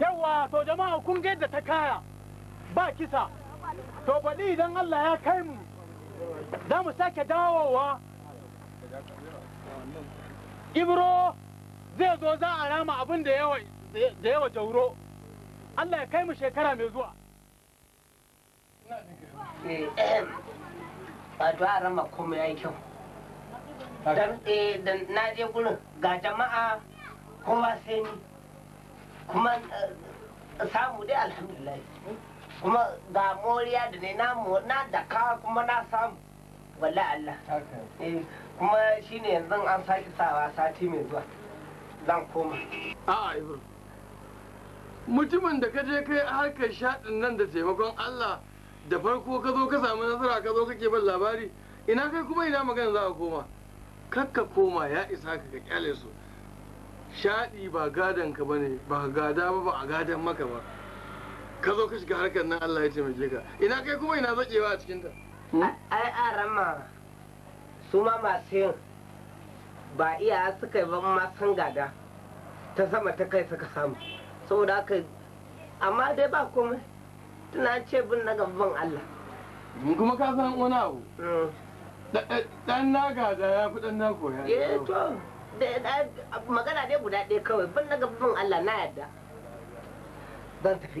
yawa to jama'a kun ga yadda ta kaya ba kisa to baɗi idan Allah ya kai mu za mu sake dawowa ibro zai zo za a rama abin da yawa jauro allah ya kai mu shekara mai zuwa wato eh, eh, a rama kuma ya yi kyau don eh, na je gurin ga jama'a kowa sai ni kuma samu dai alhamdulillah kuma ga moriya da ne na da kuma na samu wallah Allah kuma shine yanzu an sake sawa sati mai zuwa zan koma a'a ibro mutumin da ka je kai harkar shaɗin nan da taimakon Allah da farko ka zo ka samu nasara ka zo kake ban labari ina kai kuma ina magana za ka koma kakka koma ya isa ka ka kyale su shaɗi ba gadon ka bane ba gada ba ba a gadon maka ba ka zo ka shiga harkar nan Allah ya taimake ka ina kai kuma ina zaƙewa a cikinta ai a rama su ma masu yin ba iya suka yi ma san gada ta sama ta kai suka samu saboda haka amma dai ba komai tana ce bin na gaban Allah kuma ka san wani abu mm. dan na gada ya fi dan na koya eh to magana dai guda ɗaya kawai bin na gaban Allah na yadda zan tafi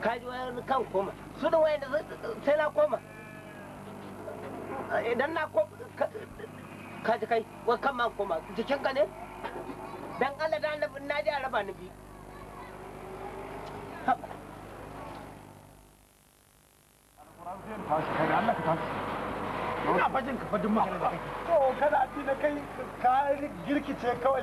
ka ji ni kan koma su da wayan sai na koma idan na koma ka ji kai wai kan man koma jikin ka ne dan Allah da na ji a raba ni biyu Ina fajin ka fadin makarar da kake. To kada a ci na kai ka girkice kawai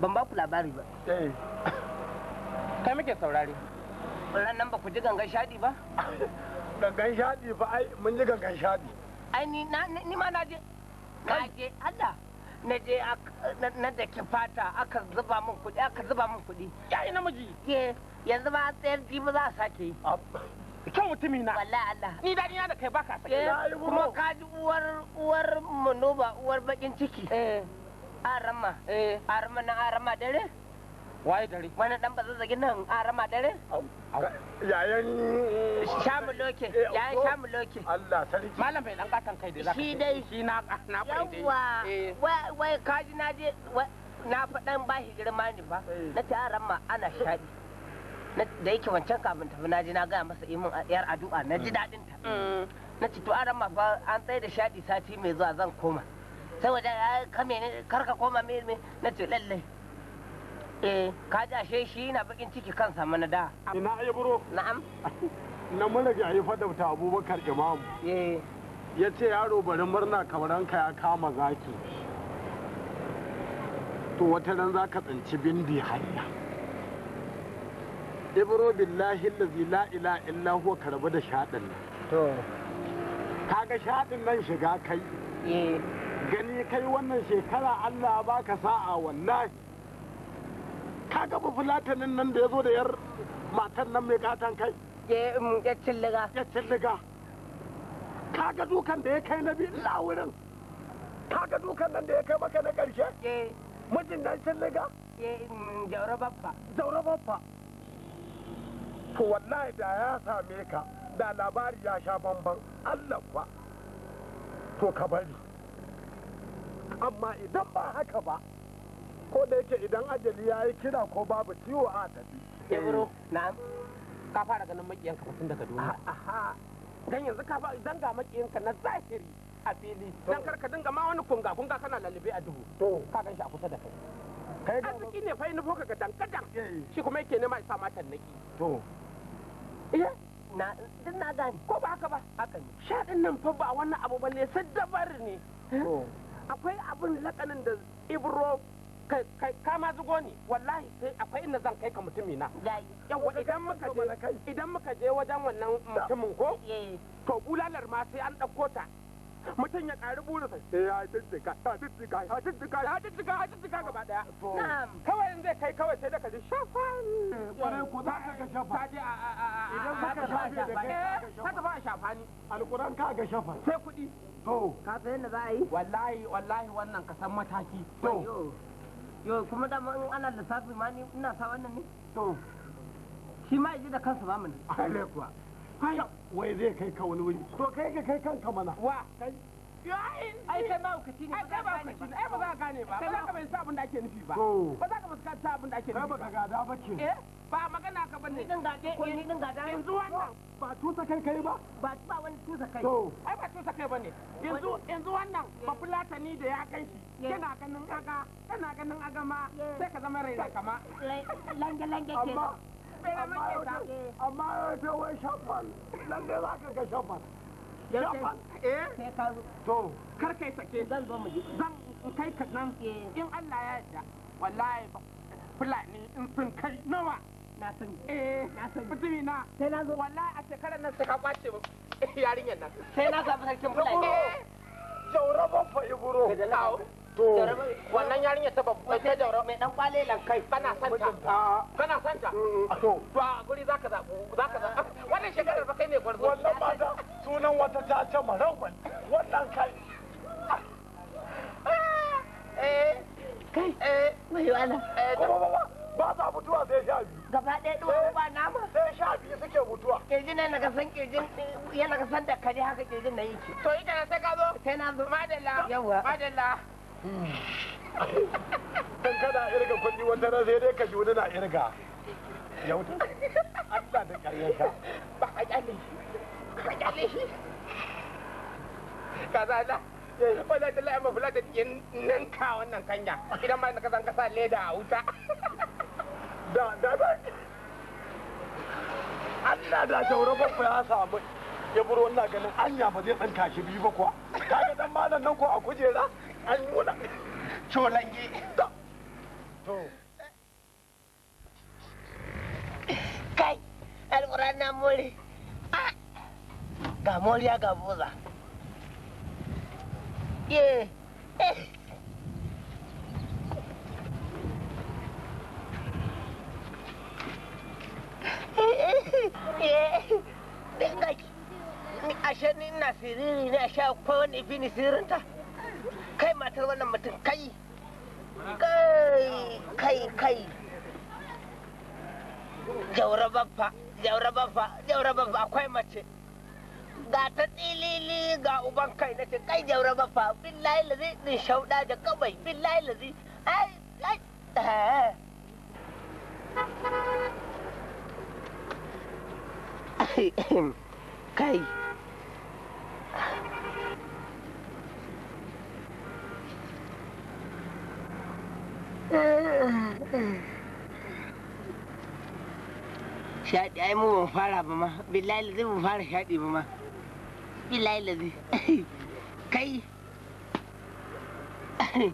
ban ba ku labari ba eh. kai muke saurare ran nan ba ku ji gangan shaɗi ba gangan shaɗi ba ai mun ji gangan shaɗi ai ni na ni ma na je na je Allah na je na da ke fata aka zuba min kuɗi aka zuba min kuɗi yayi namiji ke yanzu ba tsayar ji ba za a sake yi ah, kyan mutumi na wallahi Allah ni da na da kai baka sake kuma ka ji uwar uwar munoba uwar bakin ciki eh arama eh arama nan arama dare waye dare wani dan bazazzagin nan arama dare yayan shamu loke eh, yayan shamu loke Allah sarki malam bai dan katan kai dai zaka shi dai shi na ah, na fadi eh wai kaji na je na fadan ba shi eh. girma ne ba na ta arama ana shadi da yake wancan kafin tafi na ji na gaya masa imin yar addu'a na ji dadin ta mm. na ci to arama fa an tsaye da shadi sati mai zuwa zan koma saboda ya kame ne karka koma mai mai na ce lallai eh ka ji ashe shi na bakin ciki kansa mana da ina ayi buro na'am na mun rage ayi fada ta abubakar imam eh ya ce yaro bari murna kamar ranka ya kama zaki to wata ran za ka tsinci bindi hanya ibro billahi lazi la ila illa huwa karbu da shaɗin to kaga shaɗin nan shiga kai eh gani kai wannan shekara allah ba ka sa'a wallahi ka gaba fulatanin nan da ya zo da yar matan nan mai katon kai ya cilliga ya cilliga ka ga dukan da ya kai na biyu la wurin ka ga dukan nan da ya kai maka na karshe mijin nan cilliga mm, jaura babba jaura babba to wallahi da ya same ka da labari ya sha bamban allah kuwa to ka bari amma idan ba haka ba ko da yake idan ajali ya yi kira ko babu ciwo a tafi keburo na'am ka fara ganin makiyanka mutum daga duniya dan yanzu ka fara idan ga makiyanka na zahiri a fili dan kar ka dinga ma wani kunga kunga kana lalube a dubu to ka ganshi a kusa da kai arziki ne fa foka ga dan dankadan shi kuma yake nema isa ma tannaki to iya na din na gani ko ba haka ba haka ne sha din nan fa ba wannan abu balle sai dabar ne to akwai abin lakanin da ibro kai ma zugo ne wallahi sai akwai inda zan kai ka mutumi na idan muka je idan muka je wajen wannan mutumin ko eh. to bulalar ma sai an dauko ta mutum ya ƙari buru sai eh, ya diddiga ya diddiga ya diddiga ya diddiga ya diddiga gaba daya kawai in zai kai kawai sai da ka ji shafan kwarai ko za ka ga shafa idan ka a ka shafa ka eh, a ka ga shafa sai kuɗi to ka san yadda za a yi wallahi wallahi wannan kasan mataki to yo kuma da in ana lissafi ma ni ina sa wannan ne to shi ma yaji da kansa ba mu ne kuwa wai zai kai ka wani wuri to kai ka kai kanka mana wa kai ai kai ma hukaci ne ba za ka gane ba ai ba ba ba ka da ake nufi ba ba za ka da ake nufi ba eh? ba magana ka bane din gade ko ni din yanzu wannan ba tusa kai kai ba ba ba wani tusa kai ai ba tusa kai bane yanzu yanzu wannan ba fulata ni da ya kai shi kana ganin aga kana ganin aga ma sai ka zama raina kama lange lange ke amma amma ta wai shafal lange za ka ga shafal sai eh? ka zo to kar kai sake zan zo mu kai ka nan eh. in Allah ya yarda wallahi fulani in sun kai nawa na eh na mutumi na sai na zo wallahi a shekarar nan sai ka kwace yarinyar nan sai na sarkin fulani eh, fa wannan yarinya ta babban ta jaura mai dan kwale kai. kana san ta kana san ta to to a guri zaka zabu zaka zabu wannan shekarar ba kai ne gwarzo wannan mata sunan wata ta ta marawal wannan kai ah! eh kai eh mai wala eh, ba za mutuwa sai sha biyu gaba ɗaya ɗuwa eh, ba nama sai sha biyu suke mutuwa kirjin yana ga san kirjin yana ka san da kare haka kirjin na yake to ita na sai ka zo sai na zo madalla yawa madalla dan kana irga kuɗi wata na sai dai ka ji na irga yauta Allah da ƙaryarka ba ka kyale ka kyale shi ka zala wala da la'amma fula da yin ninka wannan kanya idan ma ka san ka sa leda a wuta da da da Allah da jauro babba ya samu ya buro wannan ganin anya ba zai tsanka shi biyu ba kuwa ga dan malam nan ko a kujera an nuna colange to kai alƙuran na more ga moriya ga boza ye eh. Ashe ni na siriri na sha kowane fini sirinta. mà mà thưa bắp bắp phá phá kai matar wannan mutum kai kai kai kai jaura baffa jaura baffa jaura baffa akwai mace ga ta tsilili ga uban kai na ce kai jaura baffa billahi lazi din shauda da kabai billahi lazi ai ai kai shaɗi ai mu ban fara ba ma billahi lazi ban fara shaɗi ba ma billahi lazi kai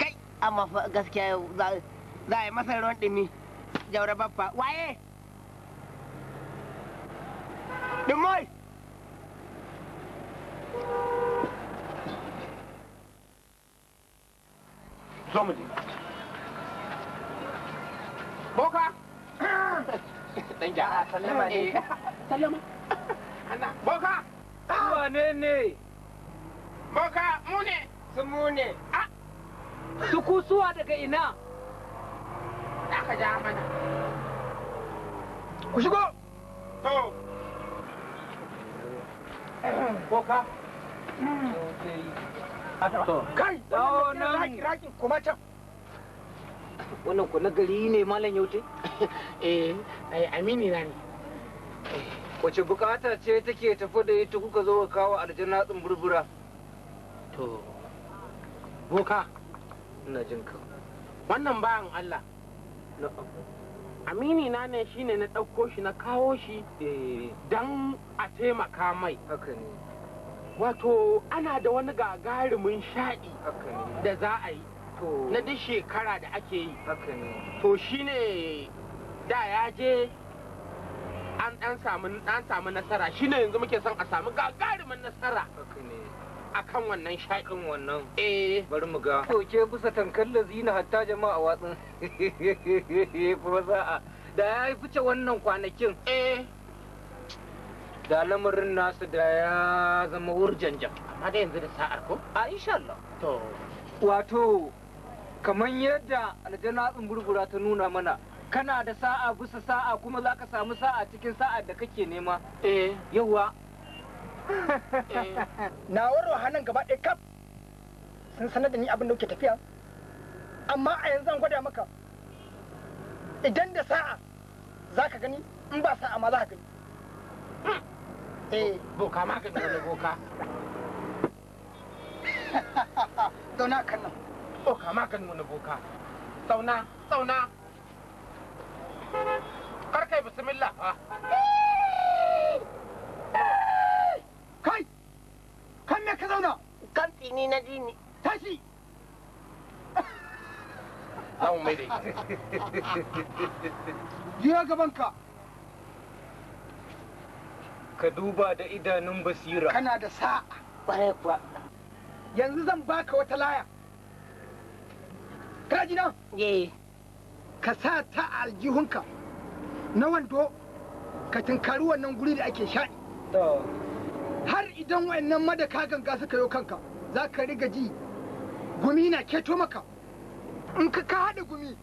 kai amma fa gaskiya za a yi masa ruwan ɗumi jaura baffa waye ɗumoi zo boka dan ja ah, sallama ne eh? sallama ana boka wane ah. ne boka mu ne su mu ne ah. su kusuwa daga ina aka ja mana ku shigo to boka kai raki raki kuma can wannan ku na gari ne malam yaute eh amini na ne wace bukata ce take ta da ita kuka zo ka kawo aljanna burbura to boka ina jin ka wannan bayan Allah amini na ne shine na ɗauko shi na kawo shi eh, dan a taimaka mai haka ne wato ana da wani gagarumin shaɗi da za a yi na duk shekara da ake yi to shine da ya je an dan samu nasara shi nasara shine yanzu muke son a samu gagarumin nasara a kan wannan sha'in wannan eh bari mu ga to ke kusa tankan lazina hatta jama'a watsin kuma za a da ya fice wannan kwanakin eh da lamarin nasu da ya zama jam amma da yanzu da sa'ar ko a insha Allah to wato kamar yadda aljana gurgura ta nuna mana kana da sa'a bisa sa'a kuma za ka samu sa'a cikin sa'a da kake nema eh yawa na waro hannun gaba ɗaya kaf sun sanar da ni abin da kuke tafiya amma a yanzu an gwada maka idan da sa'a za ka gani in ba sa'a ma za ka gani hmm. eh boka ma ka wani boka zauna kan nan boka ma ka nuna boka zauna zauna kar kai bismillah fa kai kan me ka zauna kan tsini na dini tashi Zan mai da ita. Jiya ka. ka duba da idanun basira kana da sa'a ƙwarai kuwa yanzu zan baka wata laya ji nan eh. ka sa ta aljihunka na wando ka tunkari wannan guri da ake shaɗi har idan wayannan madaka ganga suka yo kanka za ka riga ji gumi na keto maka in ka ka haɗa gumi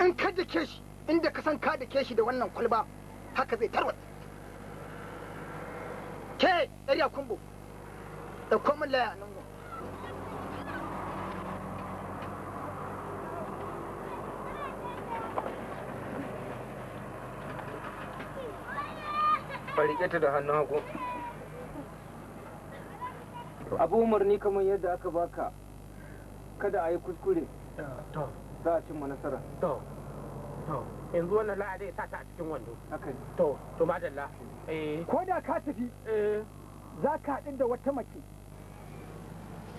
in ka da shi inda ka san ka da keshi da wannan kwalba haka zai tarwata ke ɗariya kumbo da komin laya nan gun farike ta da hannun hagu abu umarni kamar yadda aka baka kada a yi kuskure za a cimma nasara yanzu wannan la'adai sa ta a cikin wando to to madalla Eh. ko da ka tafi eh. za ka haɗu da wata mace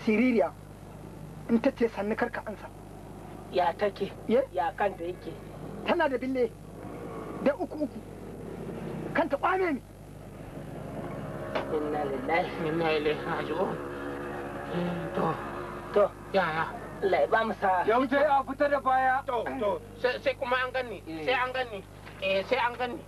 siririya in ta ce sannu karka ansa ya take ya kanta yake tana da bille da uku uku kanta kwame ne inna lillahi inna ilaihi raji'un eh, to to yaya Allah ya ba mu sa ya wuce ya fita da baya to to sai kuma an gani sai an gani eh sai an gani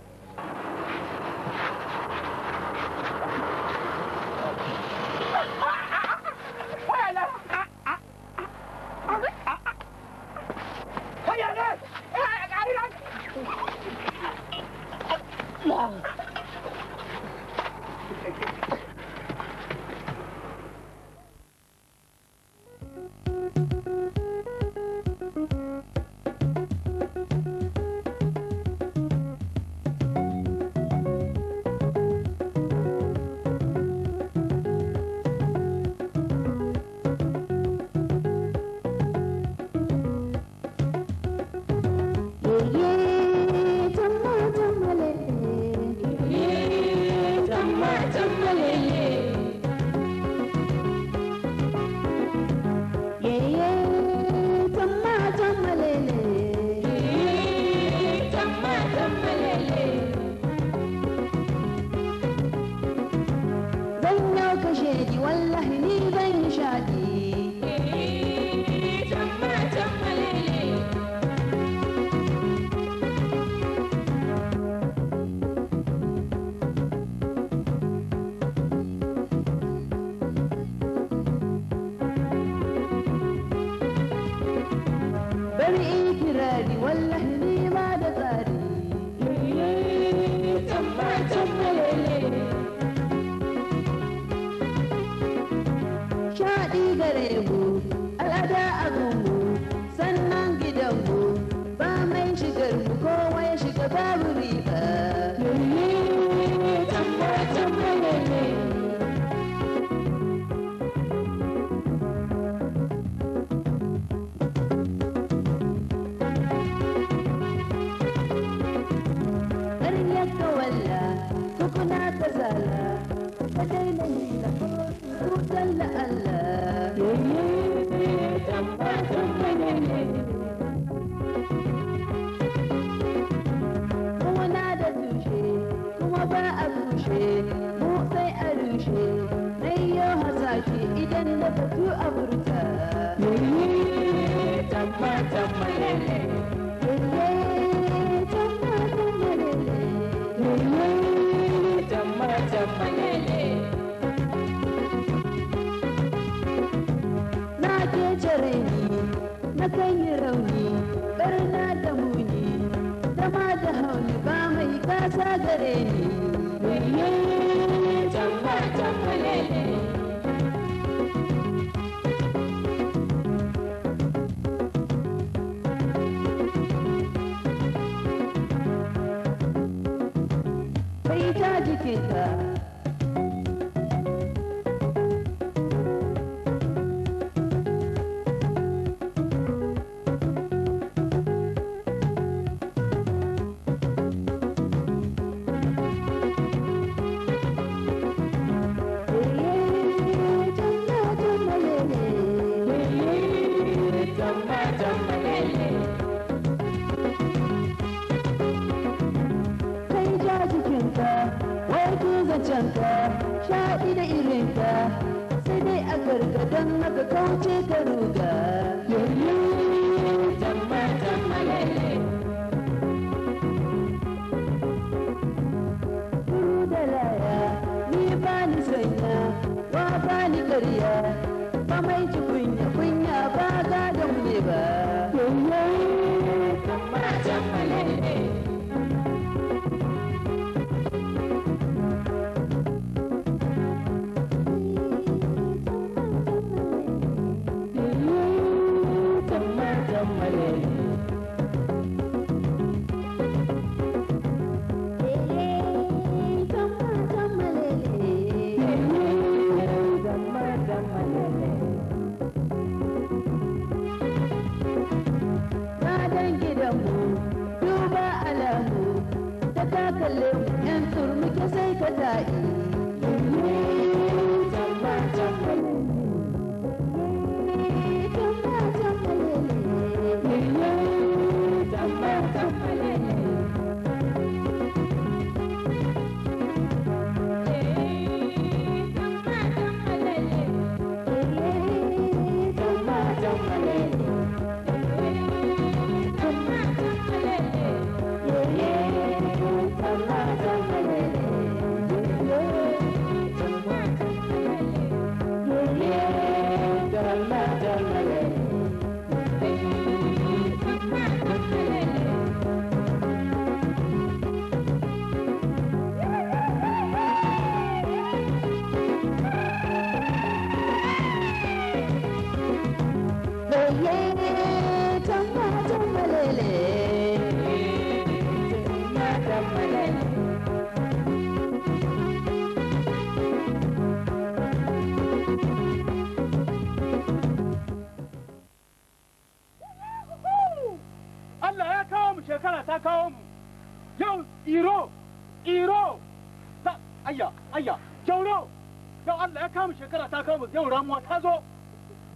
yau ramuwa ta zo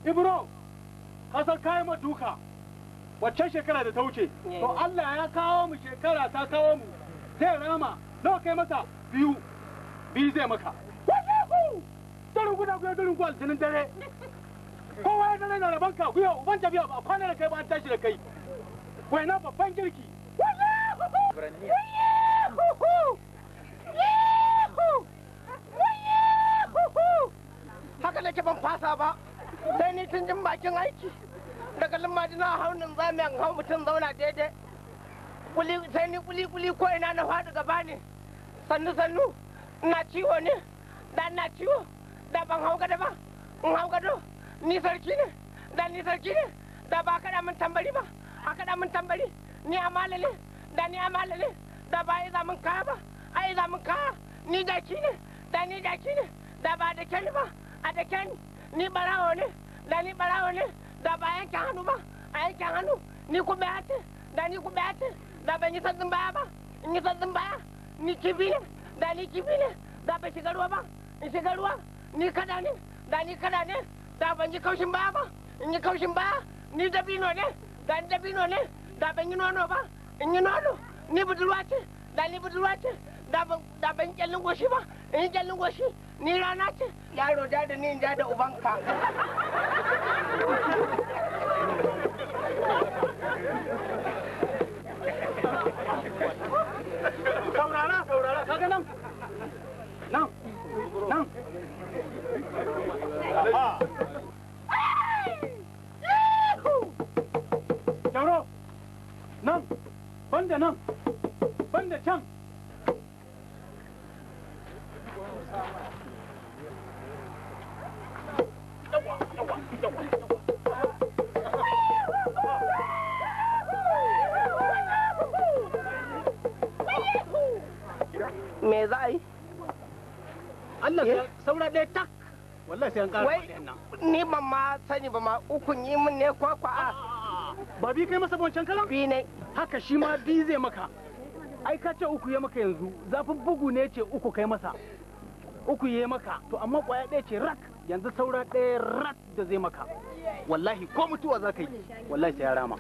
ibro kasar san kayan duka waccan shekara da ta wuce to Allah ya kawo mu shekara ta kawo mu zai rama nawa kai masa biyu biyu zai maka wallahi tsarin guda guda darin guda aljinin dare kowa ya dare na rabon ka guya uban tafiya ba kwana da kai ba an tashi da kai wai na babban kirki wallahi da ke ban fasa ba sai ni tun jin bakin aiki daga limadina haunin zamiyan hau mutum zauna daidai sai ni kuli kuli ko ina na faɗi gaba ne sannu sannu ina ciwo ne da na ciwo da ban hau gado ba in hau gado ni sarki ne da ni sarki ne da ba kaɗa min tambari ba a kaɗa min tambari ni a ne da ni a ne da ba iza min kaya ba a iza min kaya ni jaki ne da ni jaki ne da ba da kyani ba Ada da ni barawo ne da ni barawo ne da ba yanke hannu ba a yanke hannu ni ku ya ce da ni kuma ya ce da ba yi sassin baya ba ni yi sassin baya ni kibile da ni kibi da ba shiga ruwa ba ni shiga ruwa ni kada ne da ni kada ne da ban yi kaushin baya ba in yi kaushin baya ni dabino ne da ni dabino ne da ban yi nono ba in yi nono ni budurwa ce da ni budurwa ce da ban kyallin goshi ba in eh, jallin goshi ni rana ce yaro da da ni da da ubanka saurara saurara kaga nan nan nan Jauro, nan, banda nan, banda can, me za a yi Allah eh? saura ɗaya tak wallahi sai an ƙara wai ni ba ma sani ba ma ukun yi min ne kwa kwa a ba bi kai masa wancan kalan bi ne haka shi ma bi zai maka ai ka ce uku ya maka yanzu zafin bugu ne ce uku kai masa uku ya maka to amma kwaya ɗaya ce rak yanzu saura ɗaya rak da zai maka wallahi ko mutuwa za ka yi wallahi sai ya rama